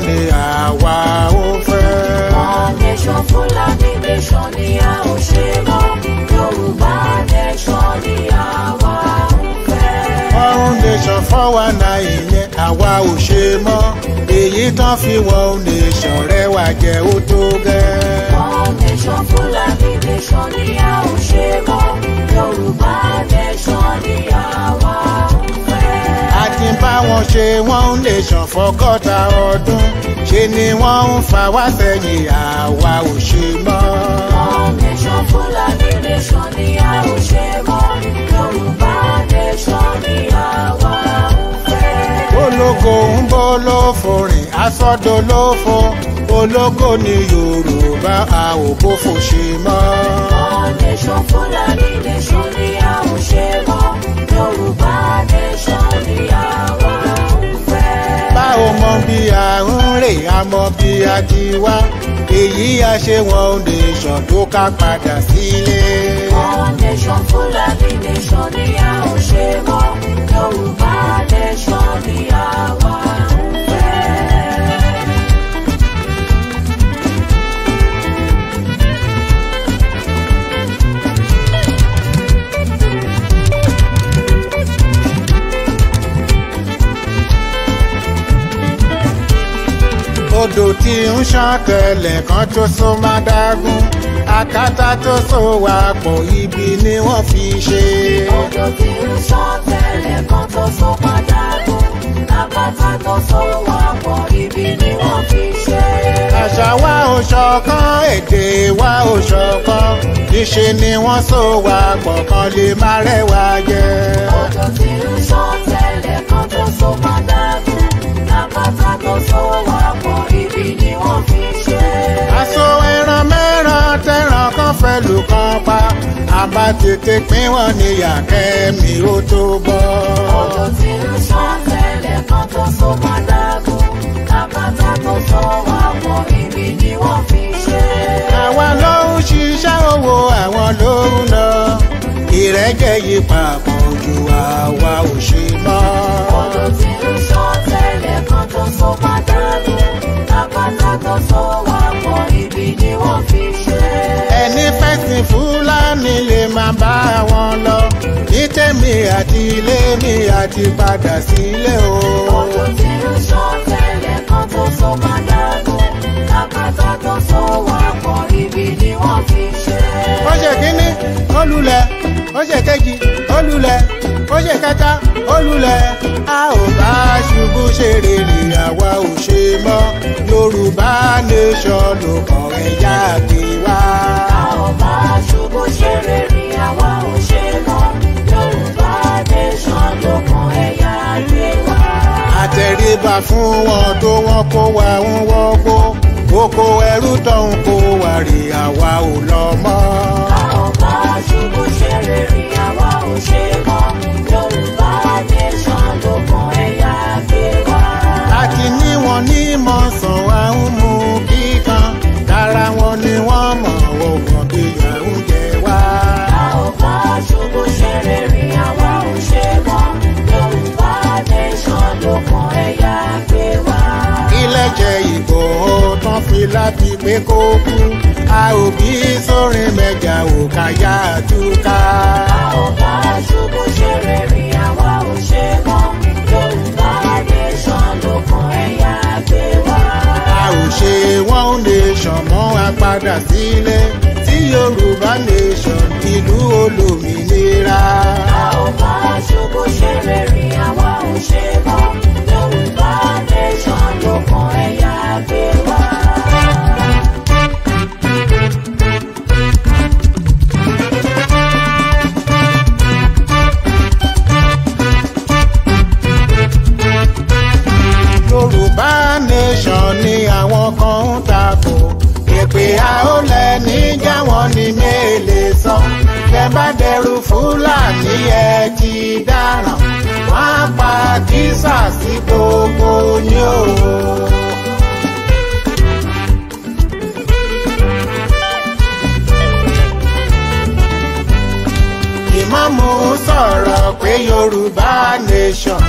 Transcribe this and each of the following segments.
ni àwa ó fẹ́. Yorùbá nation Fúlàní nation ni a ò ṣe mọ́. Yorùbá nation ni àwa ó fẹ́. Ọ̀run nation fọ́wà náà ìyẹn àwa ò ṣe mọ́. Èyí tán fi wọ́n nation rẹwà jẹ́ ó tó gẹ́. Ọ̀run nation Fúlàní nation ni a ò ṣe mọ́. Yorùbá nation ni àwa ń bá wọn ṣe wọ́n ń lè ṣàn fọ́gọ́ta ọdún ṣe ni wọ́n ń fa wá sẹ́yìn àwa ò ṣe mọ́. wọ́n lè ṣàn fúlàní lè ṣàn ni a ò ṣe mọ́ yorùbá lè ṣàn ni àwa ò fẹ́. ológo ń bọ́ ló forin asọ́dọ̀ ló fo ológo ni yorùbá a ò bófo ṣe mọ́. wọ́n lè ṣàn fúlàní lè ṣàn ni a ò ṣe mọ́. Yorùbá nation ni àwa ń fẹ́. báwo mọ bí a ń rè a mọ bí a ti wá èyí a ṣe wọn nation tó ká padà sílé. Àwọn nation nation ni a ò ṣe mọ́ Yorùbá nation ni àwa. odò tí ń ṣàn kẹlẹ̀ kan tó so má dágún akátá tó so wà pọ̀ ibi ni wọ́n fi ṣe. odò tí ń ṣàn kan tó so má dágún akátá tó so wà pọ̀ ibi ni wọ́n fi ṣe. àṣà wa ò ṣọ̀kan èdè wa ò ṣọ̀kan níṣe ni wọ́n so wà pọ̀ kan lè má rẹwà jẹ. odò tí ń ṣàn kan tó so má dágún akátá tó so wà pọ̀ ètò ẹran mẹ́ran tẹ́ran kan fẹ́ lù kan pa àbá tètè pín wọn níyà kẹ́mi ó tó bọ́. ọ̀dọ̀ tí ń ṣàtẹ̀lẹ̀ kan tó so pàdágùn àbátà tó sọ wá mọ́ ibi ni wọ́n fi ṣe. àwa ló ń ṣiṣẹ́ owó àwọn ló ń lọ ìrẹ́jẹ yìí papọ̀ ju àwa ò ṣe mọ́. ọ̀dọ̀ tí ń ṣàtẹ̀lẹ̀ kan tó so pàdágùn àbátà tó sọ wá. ẹ̀sìn fúlàní lè máa bá wọn lọ ní àti ilé mi àti padà sílé o. ojú kínní ó lulẹ̀ ó ṣe kejì kẹta ó a ò bá ṣubú ṣeré ni àwa ò ṣe mọ́ Yorùbá nation ló kàn ẹ̀yà àgbéwá àtẹ̀ríba fún wọn tó wọn kó wa ń wọ́gbó oko ẹrú tọ̀hún kó wa rí àwa ò lọ mọ́. àwọn bá ṣubú ṣe rere àwa ò ṣe mọ́ Yorùbá nation ló kan ẹ̀yà gbé wá. a ti ní wọn ní mọ̀sán àwọn mú kíkan kára wọn ni wọ́n mọ̀. jẹ ìbò tán fi láti pé kó kú a ò bí sórin mẹ́jà ò káyà túká. a nation ló kan ẹ̀yà gbé wá. a ò ṣe padà sílé tí Yorùbá nation ìlú olómìnira. a ò bá ṣubú ṣe rere àwa ò ṣe mọ́ tẹ̀sán ló Yorùbá nation ni àwọn kan ń ta èpè àólẹ̀ níjà wọn ni mélè sọ lẹ bá dẹrù fúlàní ẹ ti dáràn wọn á pa kísà sí gbogbo yín o. ìmáàmù sọ̀rọ̀ pé yorùbá nation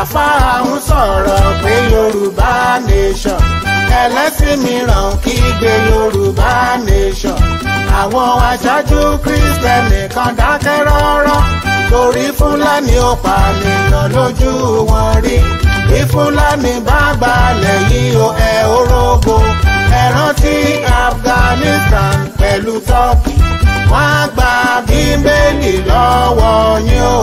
àfáà ń sọ̀rọ̀ pé yorùbá nation ẹlẹ́sìn mìíràn kígbe yorùbá nation àwọn aṣáájú kristẹni kan dákẹ́ rọ́rọ́ torí fúlàní ò pànìyàn lójú wọn rí bí fúlàní bá gbalẹ̀ yìí o ẹ̀ orógbó ẹ rántí afghanistan pẹ̀lú turkey wọ́n á gba bíbélì lọ́wọ́ yín o.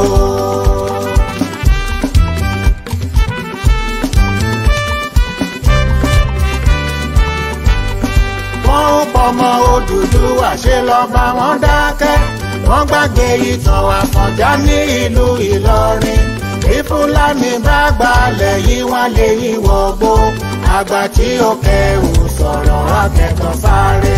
ń pọmọ Odùduwà ṣe lọ́ba wọn dákẹ́ wọ́n gbàgbé ìtàn Àfọ̀njá ní ìlú Ìlọrin bí Fúlàní bá gbalẹ̀ yìí wọ́n lè yíwọ́ gbó àgbà tí ó kẹ́wù sọ̀rọ̀ akẹ́kọ̀ọ́ sáré.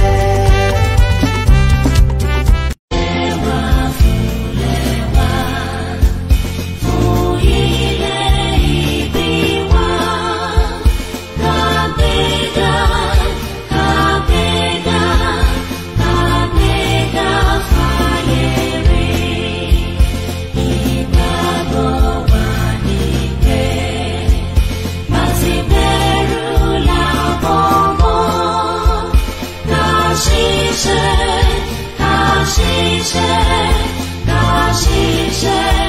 高声，高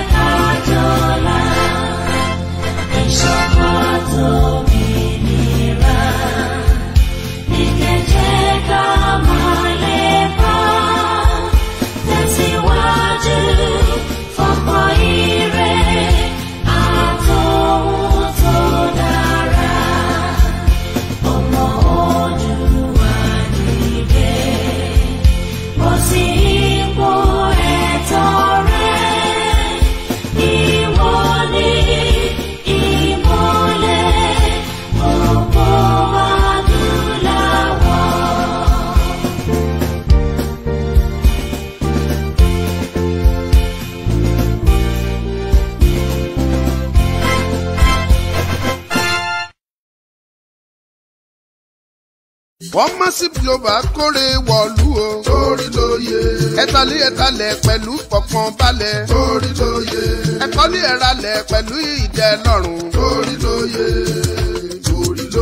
commercial global kórè wọ̀lú o. torí ló yẹ. ẹ̀tàlẹ́ ẹ̀tàlẹ̀ pẹ̀lú pọ̀pọ̀n balẹ̀. torí ló yẹ. ẹ̀kọ́lé ẹ̀ralẹ̀ pẹ̀lú ìdẹ́lọ́rùn. torí ló yẹ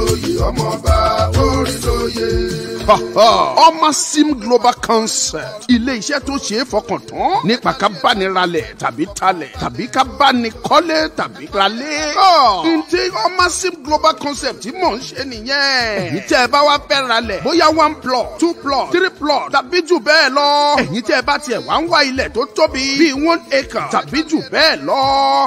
lóye ọmọọba orí lóye. ọmọ sim global concept ilé iṣẹ́ tó ṣe é fọkàn tán nípa ká bá ní ralẹ̀ tàbí talẹ̀ tàbí ká bá ní kọ́lé tàbí ralé. ǹjẹ́ ọmọ sim global concept mọ̀ ń ṣe nìyẹn. ẹ̀yin tẹ́ ẹ bá wá fẹ́ ralẹ̀ bóyá one plot two plot three plot tàbí jù bẹ́ẹ̀ lọ. ẹ̀yin tẹ́ ẹ bá tiẹ̀ wá ń wá ilẹ̀ tó tóbi bíi one acre tàbí jù bẹ́ẹ̀ lọ.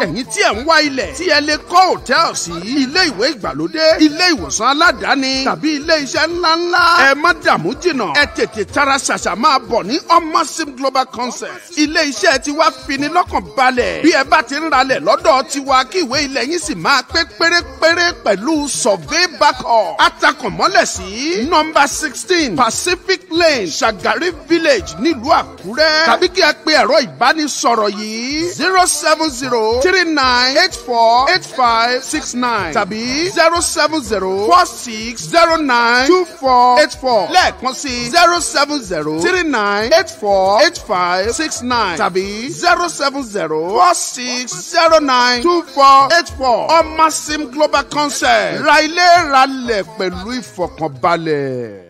ẹ̀yin tí ẹ̀ ń wá ilẹ̀ tí ẹ lè kọ́ hòtẹ́ẹ̀lì ilé ìwé ìgbàlódé ilé ìwé ìwòsàn aládàáni tàbí ilé iṣẹ́ ńláńlá. ẹ má dààmú jìnà ẹ tètè tara ṣàṣà máa bọ̀ ní omosim global concept. ilé iṣẹ́ tiwa fini lọ́kàn balẹ̀ bí ẹ bá ti ń ralẹ̀ lọ́dọ̀ tiwa kí ìwé ilẹ̀ yín sì máa pé pérépéré pẹ̀lú survey backup. atakànmọ́lẹ̀ sí nọ́mbà sixteen pacific lane shagari village nílùú àkúrẹ́ tàbí kí ẹ pe ẹ̀rọ ìbánisọ̀rọ̀ yìí zero seven zero three nine eight four eight five six nine tàbí zero seven zero zero four six zero nine two four eight four lẹ́ẹ̀kan sí zero seven zero three nine eight four eight five six nine tàbí zero seven zero four six zero nine two four eight four ọmọsim global concept ra ilé ra lẹ̀ pẹ̀lú ìfọkànbalẹ̀.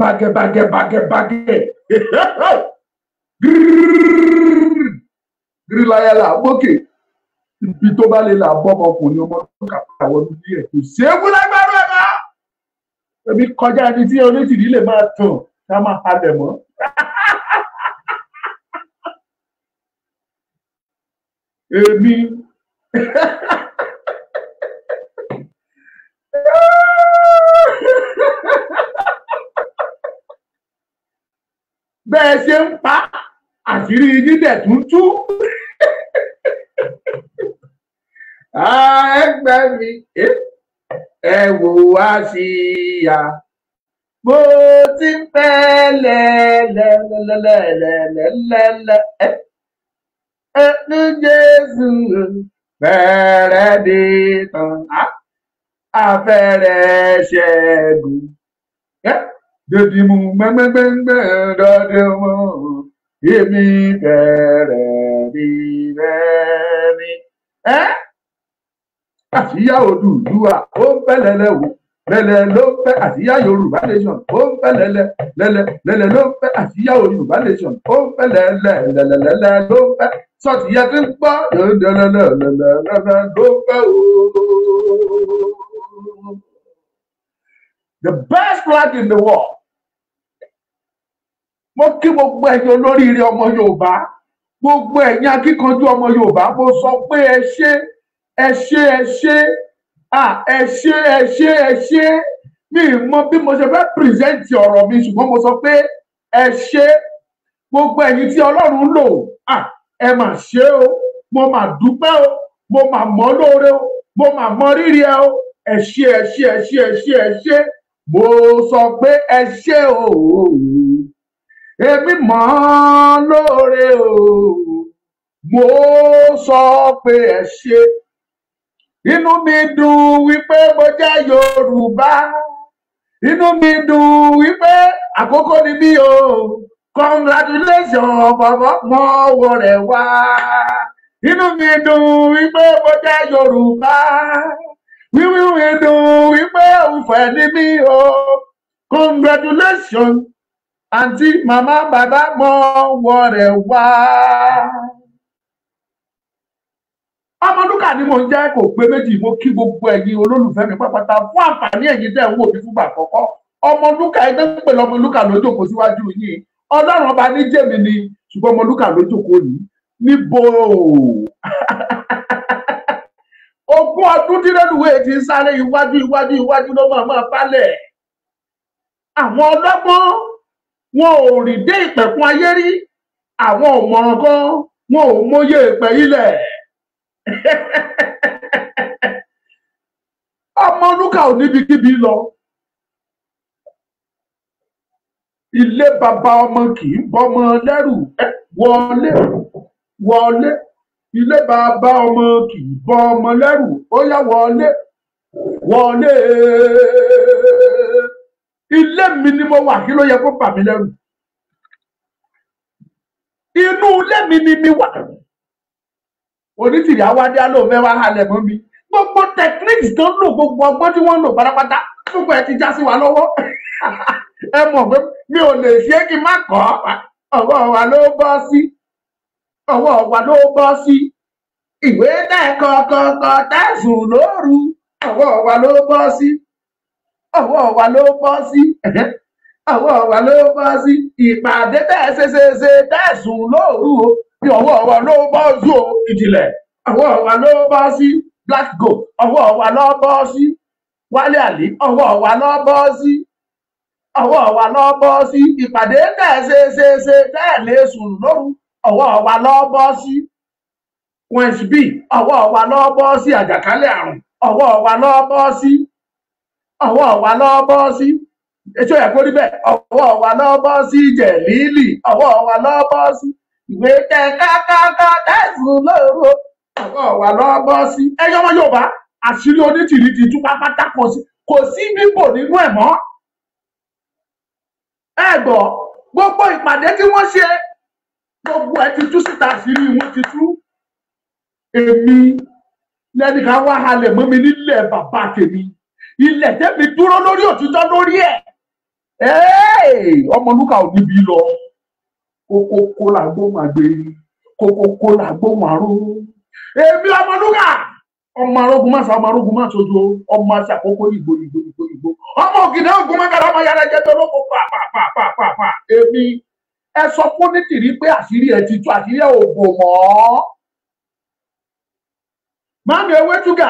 bagge, bagge, bagge, bagge gíríláyàlà gbókè ibi tó bá lè là bọ́mọkùnrin ọmọ tó kàkà wọnú díẹ̀ kò sí ewu lágbára ẹ̀ máa kọjá ẹni tí olóṣèlú lè máa tàn ká máa halẹ̀ mọ́. èmi bẹ́ẹ̀ ṣe ń pa àṣírí dídẹ̀ tún tú ẹgbẹ́ mi ẹ wò wá sí ya bó ti ń pẹ́ lẹ́lẹ́lẹ́lẹ́lẹ́lẹ́lẹ́ ẹnu Jésù bẹ̀rẹ̀ dé tán afẹ́rẹ́ ṣẹ́gun dèbìmù gbẹngbẹngbẹ dọdẹ wọn èmi bẹ̀rẹ̀ mi rẹmi. ẹ àṣìyá Odùduwà ó ń bẹ lẹlẹ wò lẹlẹ ló ń bẹ àṣìyá Yorùbá nation ó ń bẹ lẹlẹ lẹlẹ lẹlẹ ló ń bẹ àṣìyá Yorùbá nation ó ń bẹ lẹlẹ lẹlẹ lẹlẹ ló ń bẹ sọtì yẹ kí n gbọ́ ló ń bẹ ooo. The best flag in the world mo kí gbogbo ẹ̀yin olóríire ọmọ yorùbá gbogbo ẹ̀yin akíkanjú ọmọ yorùbá mo sọ pé ẹ ṣé ẹ ṣé ẹ ṣé ẹ ṣé ẹ ṣé ẹ ṣé mi mọ bí mo ṣe fẹ́ pírẹsẹ̀ntì ọ̀rọ̀ mi ṣùgbọ́n mo sọ pé ẹ ṣé gbogbo ẹ̀yin tí ọlọ́run lò ẹ mà ṣé o mo mà dúpẹ́ o mo mà mọ́ lóore o mo mà mọ rírì ẹ o ẹ ṣé ẹ ṣé ẹ ṣé ẹ ṣé mo sọ pé ẹ ṣé o èmi mọ̀ ọ́n lóore o mo sọ pé ẹ ṣe inú mi dùn wípé mo jẹ́ Yorùbá inú mi dùn wípé àkókò ni mí o congratulations bàbá mọ owó rẹ wá inú mi dùn wípé mo jẹ́ Yorùbá wíwíwí dùn wípé òǹfẹ ni mí o congratulations àǹtí màmá bàbá gbọ́n wọ rẹ̀ wá. ọmọlúkà ni mo ń jẹ́ kò pé méjì mo kí gbogbo ẹ̀yin olólùfẹ́ mi pápátá fún àǹfààní ẹ̀yin tẹ̀ ń wò mí fúngbà àkọ́kọ́ ọmọlúkà ẹgbẹ́ pẹ̀lú ọmọlúkà ló jókòó síwájú yìí ọlọ́run ọba ní jèmi ni ṣùgbọ́n ọmọlúkà ló jókòó yìí níbo ogún ọdún dínlẹ́lùwẹ̀ ti sáré iwájú iwájú iwájú ló máa máa balẹ̀ àwọn ọlọ́gbọ́n wọn ò rí dé ìpẹ̀kun ayé rí àwọn ò mọ̀ràn kan wọn ò mọyé ìpẹ̀ ilẹ̀ ọmọ olúkà ò níbikíbi lọ ilé bàbá ọmọ kì í bọmọ lẹ́rù wọlé wọlé ilé bàbá ọmọ kì í bọ ọmọ ó yá wọlé wọlé ilé mi ni mo wà kí ló yẹ kó bà mí lẹ́rù inú ilé mi ni mi wà onítìrí awádé alóò fẹ́ wá halẹ̀ mọ́ mi gbogbo techniques tó ń lò gbogbo ọgbọ́n tí wọ́n ń lò pátápátá gbogbo ẹ̀ ti já sí wa lọ́wọ́ ẹ mọ̀ pé mi ò lè ṣe é kí n má kọ́ ọwọ́ wa ló bọ́ sí ọwọ́ wa ló bọ́ sí ìwé náà kọ̀ọ̀kọ̀ọ̀kọ̀ tẹ̀sùn lóru ọwọ́ wa ló bọ́ sí ọwọ́ wa ló bọ́ sí ọwọ́ wa ló bọ́ sí ìpàdé tẹ́ẹ̀ṣeṣeṣe tẹ́ẹ̀sùn lóòrù o bí ọwọ́ wa ló bọ́ sí o ìdílẹ̀ ọwọ́ wa ló bọ́ sí black gold ọwọ́ wa ló bọ́ sí wálé àlè ọwọ́ wa ló bọ́ sí ọwọ́ wa ló bọ́ sí ìpàdé tẹ́ẹ̀ṣeṣeṣe tẹ́ẹ̀lẹ́sùn lóòrù ọwọ́ wa ló bọ́ sí wednesday ọwọ́ wa ló bọ́ sí àjàkálẹ̀ àrùn ọwọ́ wa ló bọ́ sí ọwọ́ wa lọ́ọ́ bọ́ sí ètò ẹ̀kọ́ rí bẹ́ẹ̀ ọwọ́ wa lọ́ọ́ bọ́ sí jẹ̀lílì ọwọ́ wa lọ́ọ́ bọ́ sí ìwé kẹkẹkẹkẹ ẹ̀sùn lóru ọwọ́ wa lọ́ọ́ bọ́ sí ẹ̀yọ́ ọmọ Yorùbá àṣírí onítìrí ti tú pápátá kò sí kò sí bíbò nínú ẹ̀ mọ́ ẹ gbọ́ gbogbo ìpàdé tí wọ́n ṣe gbogbo ẹ̀ ti tú síta àṣírí wọn ti tú èmi lẹ́nìkan wá halẹ̀ mọ́ mi nílẹ̀ bàbá tèmi ilẹ̀ tẹ́mi dúró lórí òtítọ́ lórí ẹ̀ ọmọ lúkà ò níbi lọ kókókó làgbóhùn àgbèrè kókókó làgbóhùn àró èmi ọmọ lúkà ọmọ arógun máa sọ ọmọ arógun máa sojo ọmọ àti àkókò ìgbò ìgbò ìgbò ìgbò ọmọ ògìdá ogun máa kàrà ọmọ yàrá jẹ tọlọpọ pàpàpàpàpà èmi ẹ sọ fún nítìrí pé àṣírí ẹ ti tú àṣírí ẹ ò bò mọ́. máàmì ewé túgà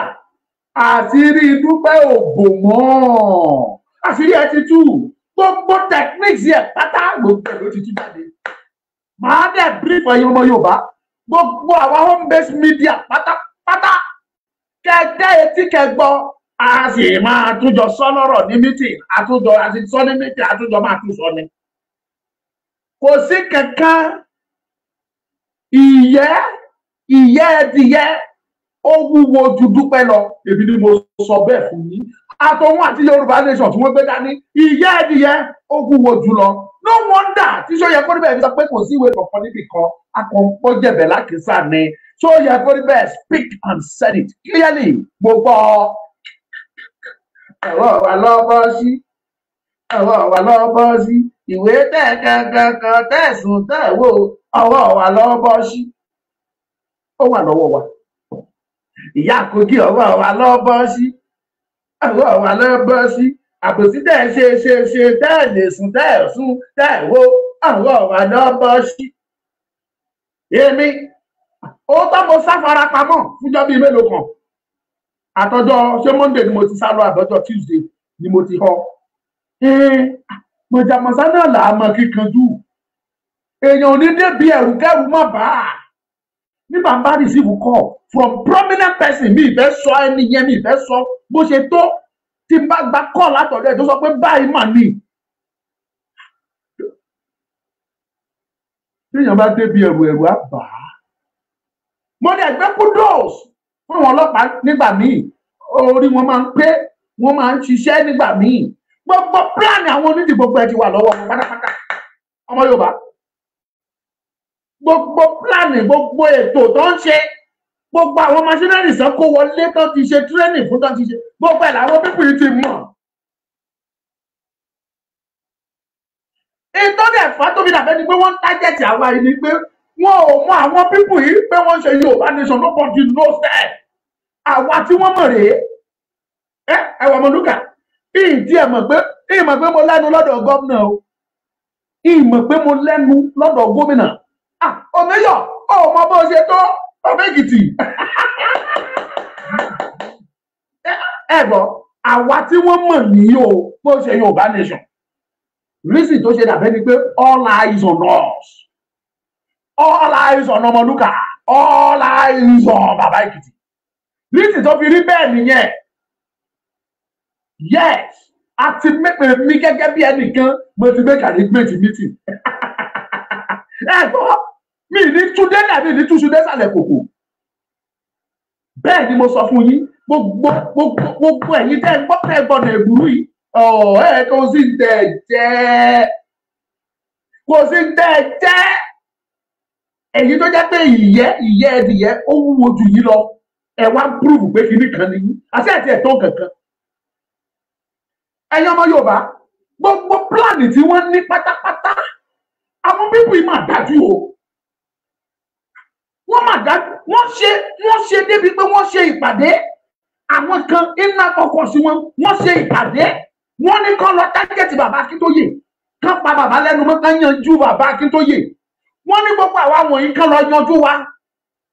àṣírí dúpẹ́ ò bò mọ́ àṣírí ẹ ti tú gbogbo techniques yẹ pátá gbogbo ẹ ló ti tú jáde màá dẹ̀ brief ẹ̀yin ọmọ Yorùbá gbogbo àwa home based media pátápátá kẹdẹ etí kẹgbọ́ a sì máa túnjọ sọ lọ́rọ̀ ní meeting àtúnjọ àti sọ ní meeting àtúnjọ máa tún sọ ni kò sí kankan ìyẹ́ ìyẹ́ ẹdìyẹ́ ó wúwo ju dúpẹ́ lọ èmi ni mo sọ bẹ́ẹ̀ fún yín àtọ̀hún àti yorùbá nation tí wọ́n gbé dání ìyá ẹdìyẹ ó wúwo jù lọ no wonder tí sọyẹ kó níbẹ̀ sọ pé kò sí ìwé kankan níbì kan akọ̀ǹpọ̀ jẹ̀bẹ̀ lákìsà ni sọyẹ kó níbẹ̀ speak and said it clearly gbogbo ẹ̀rọ wà lọ́wọ́ sí ẹ̀rọ wà lọ́wọ́ sí ìwé tẹ̀ kankan kan tẹ̀sùn tẹ̀wò ọwọ́ wà lọ́wọ́ sí ó wà lọ́wọ́ wa ìyá àkókí ọwọ́ wa lọ bọ́ sí ọwọ́ wa lọ bọ́ sí àbòsí tẹ́ ṣe ṣe ṣe tẹ́ lè sùn tẹ́ sùn tẹ́ wo ọwọ́ wa lọ bọ́ sí. èmi ó tọ́ mo sáfara pamọ́ fúnjọ́ bíi mélòó kan àtọjọ́ ṣé monday ni mo ti sá lọ àbọ̀jọ́ tuesday ni mo ti họ mọ̀jàmọ̀sá náà là á mọ kíkanjú èèyàn ò ní débi ẹ̀rù kẹ́rù mọ̀ bá a nígbà bá receive call from prominent person mi ìfẹ́ sọ ẹni yẹn mi ìfẹ́ sọ bó ṣe tó tí n bá gba call látọ̀dọ̀ ẹ̀ tó sọ pé báyìí mà ní. téèyàn bá débi ẹ̀rù ẹ̀rù á bà á. mo ní ẹgbẹ́ kudos fún wọn ọlọ́pàá nígbà míì orí wọn máa ń pé wọn máa ń ṣiṣẹ́ nígbà míì gbogbo plan àwọn onídìí gbogbo ẹ ti wà lọ́wọ́ pátápátá ọmọ Yorùbá gbogbo pílánì gbogbo ètò tó ń ṣe gbogbo àwọn machinery sàn kó wọlé tó ti ṣe training fún tó ti ṣe gbogbo ẹ̀ làwọn pípì yìí ti mọ̀. ìtọ́jú ẹ̀fọ́ tóbi dàbẹ́ ni pé wọ́n ń tájẹ̀tì àwa yìí ni pé wọn ò mọ àwọn pípì yìí pé wọ́n ṣe Yorùbá nation nobody knows that àwa tí wọ́n mọ̀ rèé ẹ ẹ̀wà mọ̀lúkà ìdí ẹ̀ mọ̀ pé ìmọ̀ pé mo lẹ́nu lọ́dọ̀ gómìnà o ìmọ̀ pé mo lẹ́nu lọ́dọ̀ gómìnà òmíyọ̀ ah, ọmọ bó ṣe tó ọmọ èkìtì ẹ gbọ́ àwa tí wọ́n mọ̀ ní yóò bó ṣe yorùbá nation rísì tó ṣe dàbẹ́ ni pé all eyes on us all eyes on ọmọlúkà all eyes on bàbá èkìtì rísì tó fi rí bẹ́ẹ̀ nìyẹn yes àti mi gẹ́gẹ́ bí ẹnìkan mo ti gbé kàrí gbé ti mítì ẹ gbọ́ mi ní túndé náà mi ní túnṣúndé sàlẹ̀ kòkò bẹ́ẹ̀ ni mo sọ fún yín gbogbo gbogbo gbogbo ẹ̀yin tẹ́ ẹ gbọ́ tẹ́ ẹ gbọ́dọ̀ ègbúrú yìí ọ̀ ẹ̀ kò sí ń tẹ̀ jẹ́ kò sí ń tẹ̀ jẹ́ èyí tó jẹ́ pé ìyẹ́ ìyẹ́ ẹdìyẹ ó wúwo jù yín lọ ẹ wá ń púrúfù pé kinní kan nìyí àti àti ẹ̀tọ́ kankan ẹ̀yin ọmọ Yorùbá gbogbo pílánì tí wọ́n ní pátápátá àwọn pípù yìí máa dájú o wọ́n máa dájú wọ́n ṣe wọ́n ṣe débi pé wọ́n ṣe ìpàdé àwọn kan iná kọkọ sí wọn wọ́n ṣe ìpàdé wọ́n ní kán lọ tágẹ́tì bàbá Akíntóyè kán pa bàbá lẹ́nu mọ́ kán yanjú bàbá Akíntóyè wọ́n ní gbogbo àwa wọ̀nyí kán lọ yanjú wa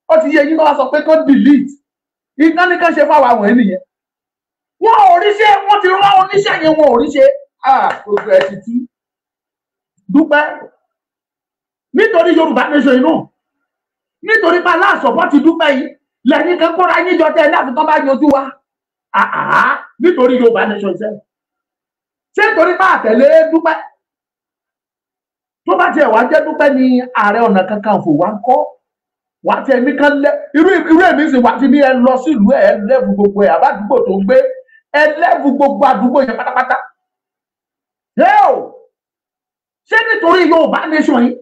ó ti yẹ yín kán wá sọ pé kán delete nǹkan ní kán ṣe fáwọn àwọn ènìyàn wọn ò rí ṣe wọ́n ti rán oníṣẹ́ yẹn wọn ò rí ṣe ah, gbogbo ẹ ti tú dúpẹ́ nítorí yorùbá nation inú nítorí pa aláàsọ̀bọ̀ ti dúpẹ́ yìí lẹ́yìn kan kóra yín jọ tẹ́ ẹ láti tán bá yanjú wa nítorí yorùbá nation ṣe ṣé nítorí pa àtẹ̀lé dúpẹ́ tó bá tiẹ̀ wá jẹ́ dúpẹ́ ni ààrẹ ọ̀nà kakanfò wá ń kọ́ wá tiẹ̀ ní kán lẹ́ irú irú èmi sì wá ti ní ẹ lọ sílùú ẹ lẹ́fù gbogbo ẹ àbádúgbò tó ń gbé ẹ lẹ́fù gbogbo àdúgbò yẹn pátápátá ṣé o ṣé nítorí yorùbá nation yìí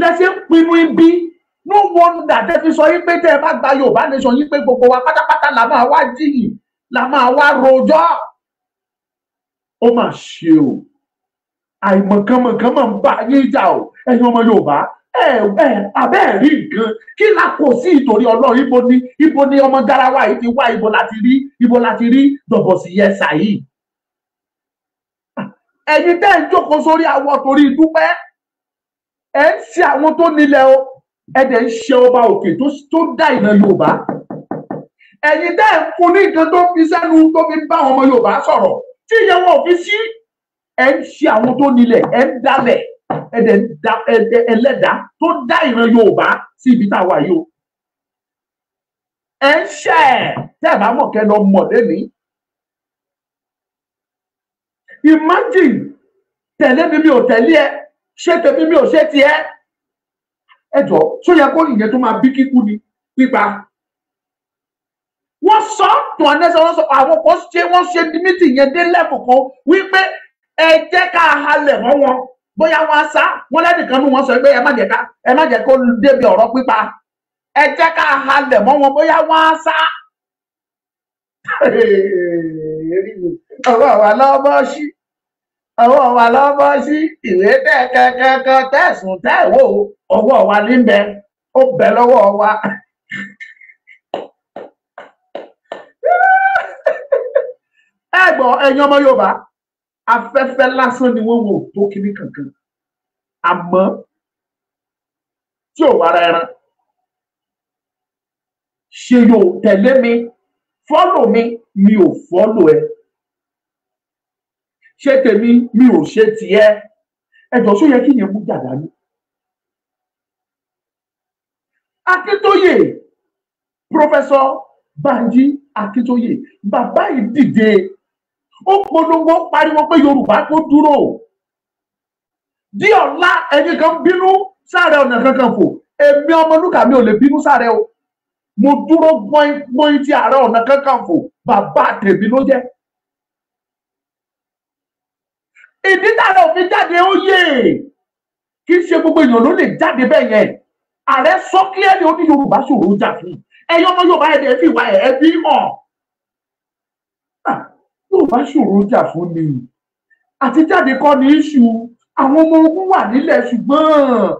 lẹ́sẹ̀ ń pinnu ibi no wonder tẹ́ fi sọ yín pé tẹ́ ẹ bá gba Yorùbá nation yín pé gbogbo wa pátápátá la máa wá jìyìn la máa wá rojọ́ ó mà ṣe o àìmọ̀kànmọ̀kàn máa ń bá yín jà o ẹ̀yin ọmọ Yorùbá ẹ ẹ abẹ́ ẹ̀ rí nǹkan kí la kò sí ìtòrí ọlọ́run ibo ni ibo ni ọmọ garawa yìí ti wá ibo láti rí ibo láti rí dọ̀bọ̀sì yẹn sàyí ẹ̀yin tẹ́ ń jókòó sórí awọ torí dúpẹ́ ẹ ń ṣe àwọn tó nílẹ̀ o ẹ dẹ̀ ń ṣe ọba òkè tó dá ìran Yorùbá ẹ̀yin dẹ́ ń fún ní nǹkan tó fi sẹ́nu tó fi bá àwọn ọmọ Yorùbá sọ̀rọ̀ tí ìyẹn wọn ò fi sí ẹ ń ṣe àwọn tó nílẹ̀ ẹ ń dalẹ̀ ẹ dẹ̀ ń da ẹlẹ́dàá tó dá ìran Yorùbá sí ibi tá a wà yìí o ẹ ń ṣe ẹ tẹ́ ẹ bá mọ̀ kẹ́ lọ mọ̀ lẹ́nìí imagine tẹ̀lé mi mi ò tẹ̀lé ẹ ṣé tèmi mi ò ṣe tiẹ̀ ẹ jọ tó yẹ kó ìyẹn tó máa bí kíkú ni pípa wọ́n sọ tó anẹsẹ wọ́n sọ àwọn kan ṣe wọ́n ṣe mítì yẹn dé lẹfù kan wípé ẹ jẹ́ ká halẹ̀ mọ́ wọn bóyá wọ́n sá wọn lẹnìkan nù wọ́n sọ pé ẹ má jẹ́ ká ẹ má jẹ́ kó débi ọ̀rọ̀ pípa ẹ jẹ́ ká halẹ̀ mọ́ wọn bóyá wọ́n sá ọ̀rọ̀ àwọn aláwọ̀ bá ṣí ọwọ́ wa lọ bọ́ sí ìwé tẹ̀ kankan tẹ̀sùn tẹ̀ wò ọwọ́ wa níbẹ̀ ó bẹ̀ lọ́wọ́ wa. ẹ gbọ́ ẹ̀yin ọmọ Yorùbá afẹ́fẹ́ lásán ni wọ́n wò tó kíní kankan àmọ́ tí ò wára ẹran ṣe yóò tẹ̀lé mi fọ́lò mi mi ò fọ́lò ẹ ṣé tèmi mi ò ṣe tiẹ̀ ẹjọ́ sọ yẹ kí yẹn mú jàdá ní. Akíntóyè pọfẹsọ Banji Akíntóyè bàbá yìí dìde ó polongo pariwo pé Yorùbá kò dúró di ọ̀la ẹni kan bínú sáré ọ̀nà kankan fò èmi Ọmọlúkà mi ò lè bínú sáré o mo dúró gbọ́n gbọ́n ti Ààrẹ Ọ̀nà Kakanfò bàbá tèmi ló jẹ́ ìdí tààrà òfin jáde ó yé kì í ṣe gbogbo èèyàn ló lè jáde bẹ́ẹ̀ yẹn ààrẹ sọ kílẹ̀lì ó ní yorùbá ṣòro jà fún ẹyọ ọmọ yorùbá ẹ̀dẹ̀ fi ìwà ẹ̀ bí hàn yorùbá ṣòro jà fún ni àti jáde kọ́ ní iṣu àwọn ọmọ ogun wà nílẹ̀ ṣùgbọ́n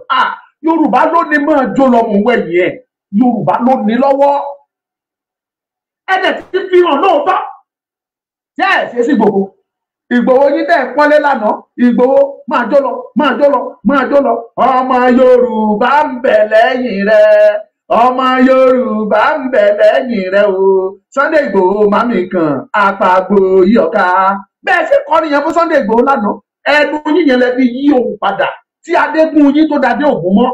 yorùbá ló ní mọ́ jó lọ́mọ wẹ̀yìn ẹ̀ yorùbá ló ní lọ́wọ́ ẹ̀dẹ̀ ti fi hàn lóòótọ́ jẹ́ ẹ̀ ṣe sí gbogbo ìgbòho yín tẹ́ ẹ̀ pọ́nlé lánàá ìgbòho máa jó lọ máa jó lọ máa jó lọ ọmọ yorùbá ń bẹ̀ lẹ́yìn rẹ ọmọ yorùbá ń bẹ̀ lẹ́yìn rẹ o sunday ìgbòho mami kan àpàgbò yọ̀ká bẹ́ẹ̀ sì kọrin yẹn fún sunday ìgbòho lánàá ẹnu yín yẹn lẹ́bi yí òun padà tí adégún yín tó dàdé ògún mọ́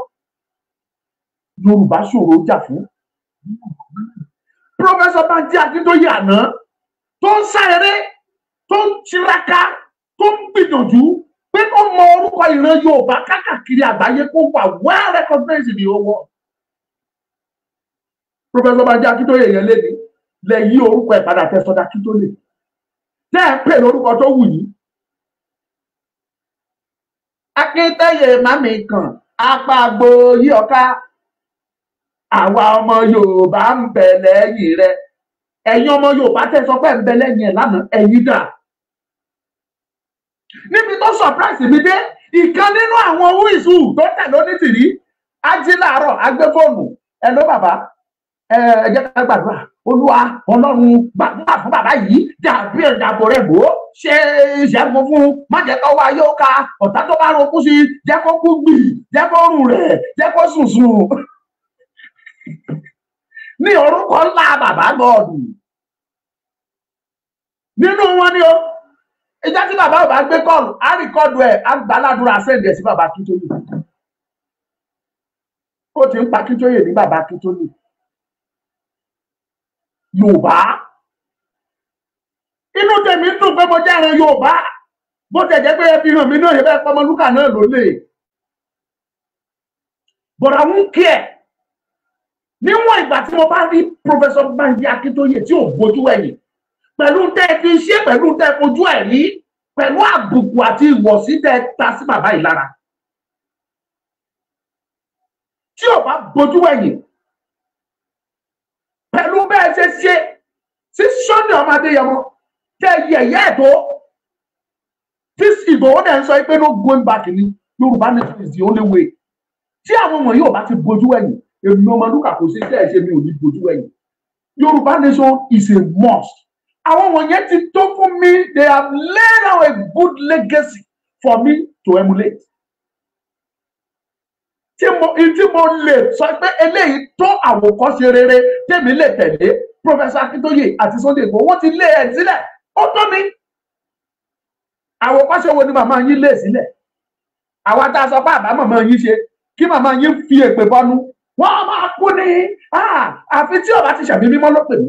yorùbá ṣòro jà fún pírọfẹsọ Bánjí Akíntóyè àná tó ń sá eré tó ń tiraka tó ń gbìyànjú pé kó mọ orúkọ ìran yorùbá káàkiri àgbáyé kó wà well recognized in the whole world. professor banji akintoye yẹn lé ní lẹ yí orúkọ ẹ̀ padà tẹ sọdá kí tó lè tẹ ẹ pè lórúkọ tó wù yìí. akíntóye mami kan apá gbòòyì ọ̀ka àwa ọmọ yorùbá ń bẹ lẹ́yìn rẹ̀ ẹ̀yin ọmọ Yorùbá tẹ́ sọ pé ẹ̀ ń bẹ lẹ́yìn ẹ̀ lánàá ẹ̀yin dà níbi tó surprise mi dé ìkan nínú àwọn wíìsù tó tẹ̀lé onítìrí ají làárọ̀ agbẹ́fóònù ẹ ló bàbá ẹ jẹ́ ká gbàdúrà olúwa ọlọ́run gbàdúrà fún bàbá yìí dàbí ìdàbò rẹ̀ gbòó ṣe ìṣẹ́gun fún má jẹ́ kó wá yóò ka ọ̀tá tó bá rokú sí jẹ́ kó kú gbì jẹ́ kó rùn rẹ̀ jẹ́ kó sùn sùn ní orúkọ ńlá bàbá gọ́ọ̀dù nínú wọn ni ó ìjà tí bàbá ò bá gbé kọ́ọ̀lù á rìkọ́ọ̀dù ẹ̀ á gbàládùra sẹ́ǹdẹ̀ sí bàbá Akíntóyè ó ti ń pa Akíntóyè ní bàbá Akíntóyè Yorùbá inú tèmi dùn pé mo jẹ́ ẹran Yorùbá bó tẹ̀ jẹ́ pé ẹbí hàn mí náà yẹ bẹ́ẹ̀ pọ́nmọ́lúkà náà ló lè but I won't care níwọ̀n ìgbà tí mo bá rí Professor Banji Akíntóyè tí ò bójú ẹ̀yìn pẹ̀lú tẹ́ ẹ fi ṣe pẹ̀lú tẹ́ ẹ fojú ẹ̀ rí pẹ̀lú àbùkù àti ìwọ̀sí tẹ́ ẹ ta sí bàbá yìí lára tí ò bá bójú ẹ̀yìn pẹ̀lú bẹ́ẹ̀ ṣe ṣe sí Sunny ọmọ Adéyẹmọ tẹ́ ẹ yẹ̀yẹ́ ẹ̀ tó tí Ìgbòho dẹ̀ ń sọ pé no going back ni Yorùbá nation is the only way tí àwọn wọ̀nyí ò bá ti bójú ẹ̀yìn èmi ọmọ lúkà kò sí tẹ́ ẹ̀ ṣe mi ò ní bojú ẹ̀yìn yorùbá nation is a must àwọn wọ̀nyẹn ti tó fún mi they have laid out a good legacy for me to emulate tí mo tí mo lè sọ pé eléyìí tó àwòkọ́ṣe rere tèmi lè tẹ̀lé professor akintoye àti sunday igbó wọ́n ti lé ẹ̀ sílẹ̀ ó tó mi àwòkọ́ṣe wo ni màmá yín lé sílẹ̀ àwa tá a sọ pé àbá màmá yín ṣe kí màmá yín fi èpè bọ́nú wọn a máa kú ni ah, àfi tí ọba ti ṣẹ̀mí mímọ́ ló pè mí